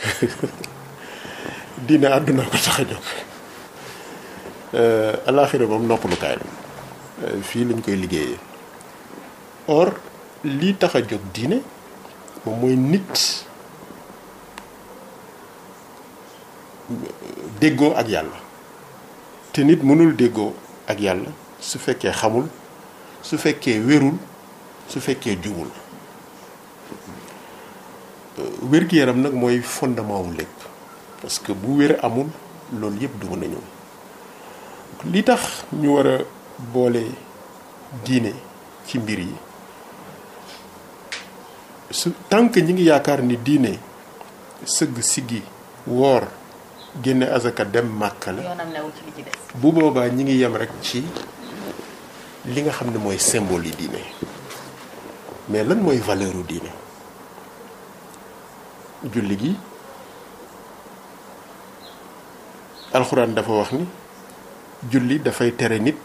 [laughs] diine àdduna ko tax a jóg alaaxira euh, moom noppalukaay la euh, fii lañ koy liggéeyee or lii tax a jóg diine moom mooy nit déggoo ak yàlla te nit mënul déggoo ak yàlla su fekkee xamul su fekkee wérul su fekkee jugul euh, wér-gu-yaram nag mooy fondement wu lépp parce que bu wér amul loolu yëpp du mën ñëw li tax ñu war a boole diine ci mbir yi su tànk ñi ngi yaakaar ni diine sëgg siggi woor génne azaka dem màkk la bu boobaa ñi ngi yem rek ci li nga xam ne mooy symbole yi diine mais lan mooy valeur u diine julli gi alxuraan dafa wax ni julli dafay tere nit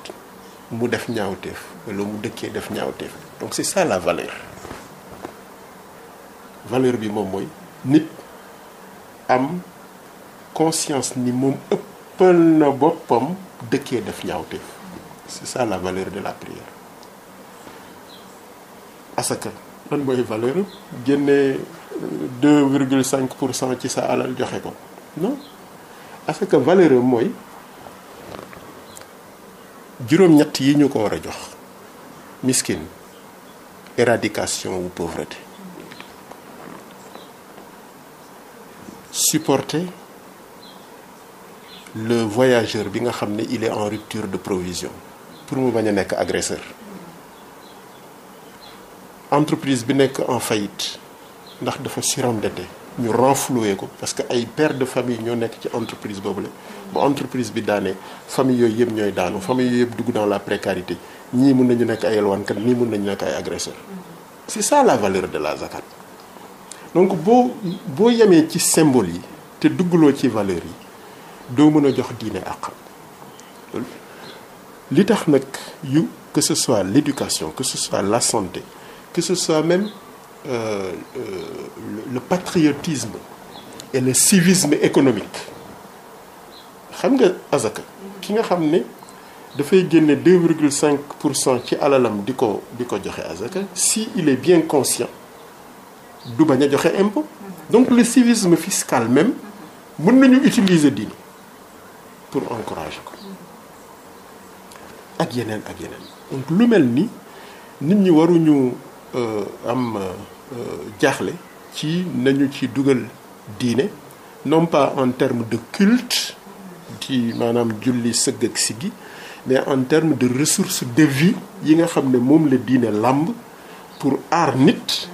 mu def ñaawteef walla mu dëkkee def ñaawteef donc si ça la valeur valeur bi moom mooy nit am conscience ni moom ëppal na boppam dëkkee def ñaawteef c'est ça la valeur de la prière asaka lan mooy valeur génne euh, cinq pour cent ci sa alal joxe ko non asaka valeur mooy juróom-ñett yi ñu ko war a jox miskin éradication wu pauvreté supporter le voyageur bi nga xam ne il est en rupture de provision pour mu bañ a nekk agresseur entreprise bi nekk en faillite ndax dafa surendetté ñu renflouer ko parce que ay pères de famille ñoo nekk ci entreprise boobu la bu entreprise bi daanee famille yooyu yëpp ñooy daanu famille yooyu yëpp dugg dans la précarité ñii mun nañu nekk ay yalwaankat ñii mun nañu nekk ay agresseur c'est saa la valeur de la zakat donc boo boo yemee ci symbole yi te duggloo ci valeur yi doo mën a jox diine àqam li tax nag yu que ce soit l'éducation que ce soit la santé que ce soit même euh, euh, le patriotisme et le civisme économique xam nga azaka ki nga xam ne dafay génne cinq pour cent ci alalam di ko di ko joxe azaka si il est bien conscient du bañ a joxe impôt donc le civisme fiscal même mun nañu utiliser diine pour encourager ak yeneen ak yeneen donc lu mel ni nit ñi waruñu euh, am euh, jaaxle ci nañu ci dugal diine non pas en termes de culte ci maanaam julli sëgg ak siggi mais en terme de ressource de vie yi nga xam ne moom la diine làmb pour aar nit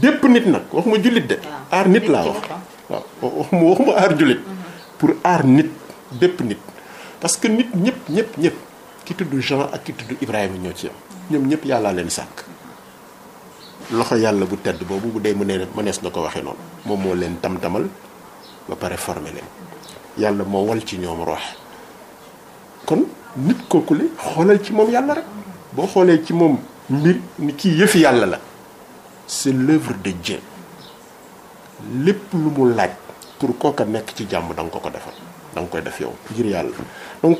bépp nit nag waxuma jullit de aar nit laa wax waaw waxuma waxuma aar jullit mm-hmm. pour aar nit bépp nit parce que nit ñëpp ñëpp ñëpp ki tudd Jean ak ki tudd Ibrahima ñoo ci yam ñoom ñëpp yàllaa leen sàkk loxo yàlla bu tedd boobu bu dee mënee mënees na ko waxee noonu moom moo leen tam-tamal ba pare formé leen yàlla moo wal ci ñoom roox kon nit kooku li xoolal ci moom yàlla rek boo xoolee ci moom mbir ni kii yëfi yàlla la c'est l'œuvre de Dieu lépp lu mu laaj pour kooka nekk ci jàmm danga ko ko defal da nga koy def yow ngir yàlla donc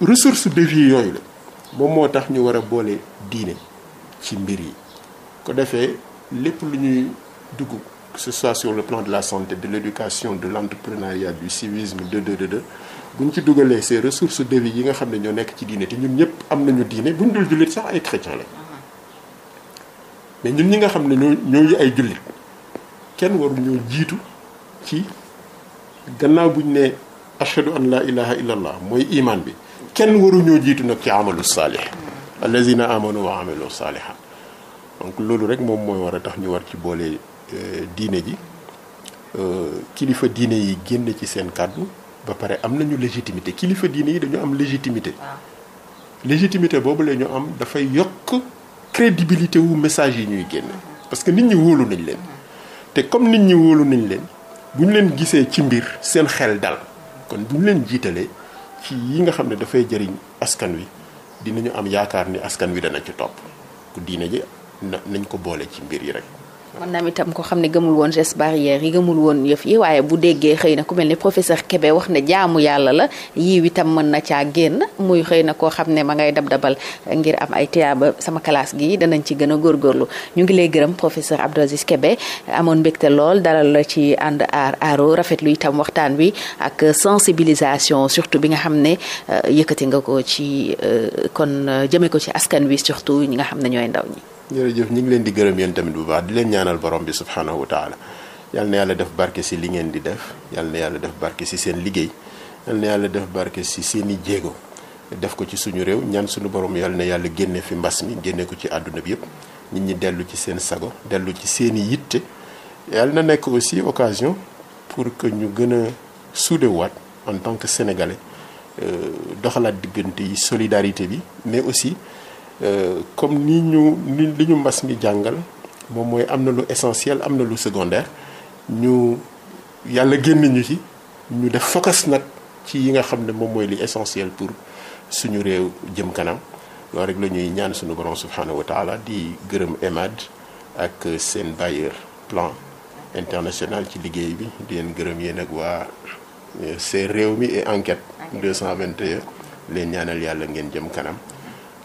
ressource de vie yooyu la moom moo tax ñu war a boole diine ci mbir yi ko defee lépp lu ñuy dugg que ce soit sur le plan de la santé de l'éducation de l'entrepreneuriat du civisme de de de de bu ñu ci dugalee ces ressources de vie yi nga xam ne ñoo nekk ci diine te ñun ñëpp am nañu diine bu ñu dul jullit sax ay chrétien la mais ñun ñi nga xam ne ñoo ñooyu ay jullit kenn waruñoo jiitu ci gannaaw bu ne ashhadu an laa ilaha illa allah mooy imaan bi kenn waruñoo jiitu nag ci amalu saalih allazina amanu wa amilu saalihat donc loolu rek moom mooy war a tax ñu war ci boole euh, diine ji euh, kilifa diine yi génn ci seen kàddu ba pare am nañu légitimité kilifa diine yi dañu am légitimité légitimité boobu la ñu am dafay yokk crédibilité wu message yi ñuy génn parce que nit ñi wóolu nañ leen mm-hmm. te comme nit ñi wóolu nañ leen bu ñu leen gisee ci mbir seen xel dal kon bu ñu leen jiitalee ci yi nga xam ne dafay jëriñ askan wi dinañu am yaakaar ni askan wi dana ci topp ku diine ji na nañ ko boole ci mbir yi rek man mi itam ko xam ne gëmul woon geste barrière yi gëmul woon yëf yi waaye bu déggee xëy na ku mel ne professeur kebe wax ne jaamu yàlla la yiw itam mën na caa génn muy xëy na koo xam ne ma ngay dab dabal ngir am ay tiyaaba sama classe gi danañ ci gën a góorlu ñu ngi lay gërëm professeur Abdou kebe amoon mbégte lool dalal la ci ànd aar aaro rafetlu itam waxtaan wi ak sensibilisation surtout bi nga xam ne euh, yëkkati nga ko ci euh, kon euh, jëme ko ci askan wi surtout ñi nga xam ne ñooy ndaw ñi jërëjëf ñu ngi leen di gërëm yéen tamit bu baax di leen ñaanal borom bi subhanahu wa taala yal na yàlla def barke si li ngeen di def yal na yàlla def barke si seen liggéey yal na yàlla def barke si seen i jéego def ko ci suñu réew ñaan suñu borom yal na yàlla génne fi mbas mi génne ko ci àdduna bi yëpp nit ñi dellu ci seen sago dellu ci seen i yitte yal na nekk aussi occasion pour que ñu gën a suudewaat en tant que sénégalais euh, doxalaat diggante yi solidarité bi Euh, comme ni ñu ni li ñu mbas mi jàngal moom mooy am na lu essentiel am na lu secondaire ñu yàlla génn ñu si ñu def focus nag ci yi nga xam ne moom mooy li essentiel pour suñu réew jëm kanam loolu rek la ñuy ñaan suñu borom subhanahu wa taala di gërëm EMAD ak seen bailleur plan international ci liggéey bi leen gërëm yéen ak waa euh, seen réew mi et enquête 221 leen ñaanal yàlla ngeen jëm kanam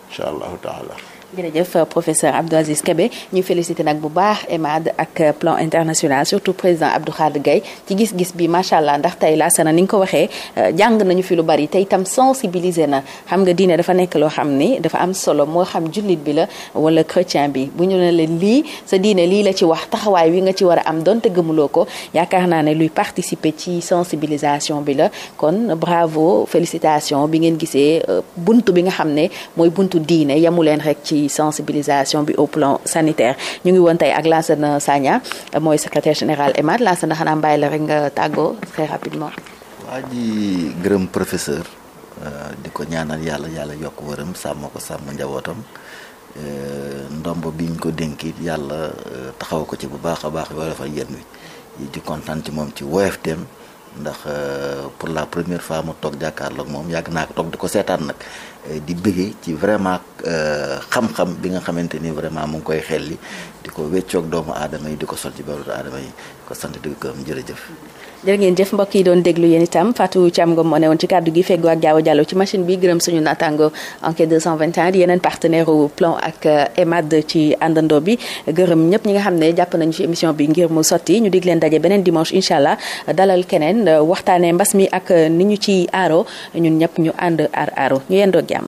incha allahu taala jërëjëf professeur Abdou Aziz Kébé ñu félicité nag bu baax EMAD ak plan international surtout président Abdou Khadre Gaye ci gis-gis bi macha allah ndax tey laa sana ni nga ko waxee euh, jàng nañu fi lu bari te itam sensibiliser na xam nga diine dafa nekk loo xam ni dafa am solo moo xam jullit bi la wala chrétien bi bu ñu ne leen lii sa diine lii la ci wax taxawaay wi nga ci war a am donte gëmuloo ko yaakaar naa ne luy participer ci sensibilisation bi la kon bravo bi ngeen gisee euh, buntu bi nga xam ne mooy buntu diine yamu leen sensibilisation bi au plan sanitaire ñu ngi woon tey ak Lansana Sagna mooy secrétaire général EMAD Lansana xanaa mbàyyi la rek nga tàggoo très rapidement waa ji gërëm professeur euh, di ko ñaanal yàlla yàlla yokk wëram sàmm ko sàmm njabootam euh, ndomb biñ ko dénkit yàlla euh, taxaw ko ci bu baax a baax yooyu dafa yéen wi di kontaan ci moom ci woyefteem ndax euh, pour la première fois ma toog jàkkaarloog moom yàgg naa ko toog di ko seetaan nag euh, di bëggee ci vraiment euh, xam-xam bi nga xamante ni vraiment mu ngi koy xelli di ko wéccoog doomu aadama yi di ko sol ci bawlatu aadama yi ko sant di ko gërëm jërëjëf jërë ngeen jëf mbokk yi doon déglu yéen itam Fatou Thiam Ngom moo ne woon ci kàddu gi feggoo ak Diaw Diallo ci machine bi gërëm suñu naataango enquête 221 di yeneen partenaire u plan ak euh, EMAD ci àndandoo bi gërëm ñëpp ñi nga xam ne jàpp nañu ci émission bi ngir mu sotti ñu dig leen daje beneen dimanche incha allah dalal keneen euh, waxtaanee mbas mi ak euh, ni ñu ci aaro ñun ñëpp ñu ànd aar aaro ñu yendoo jàmm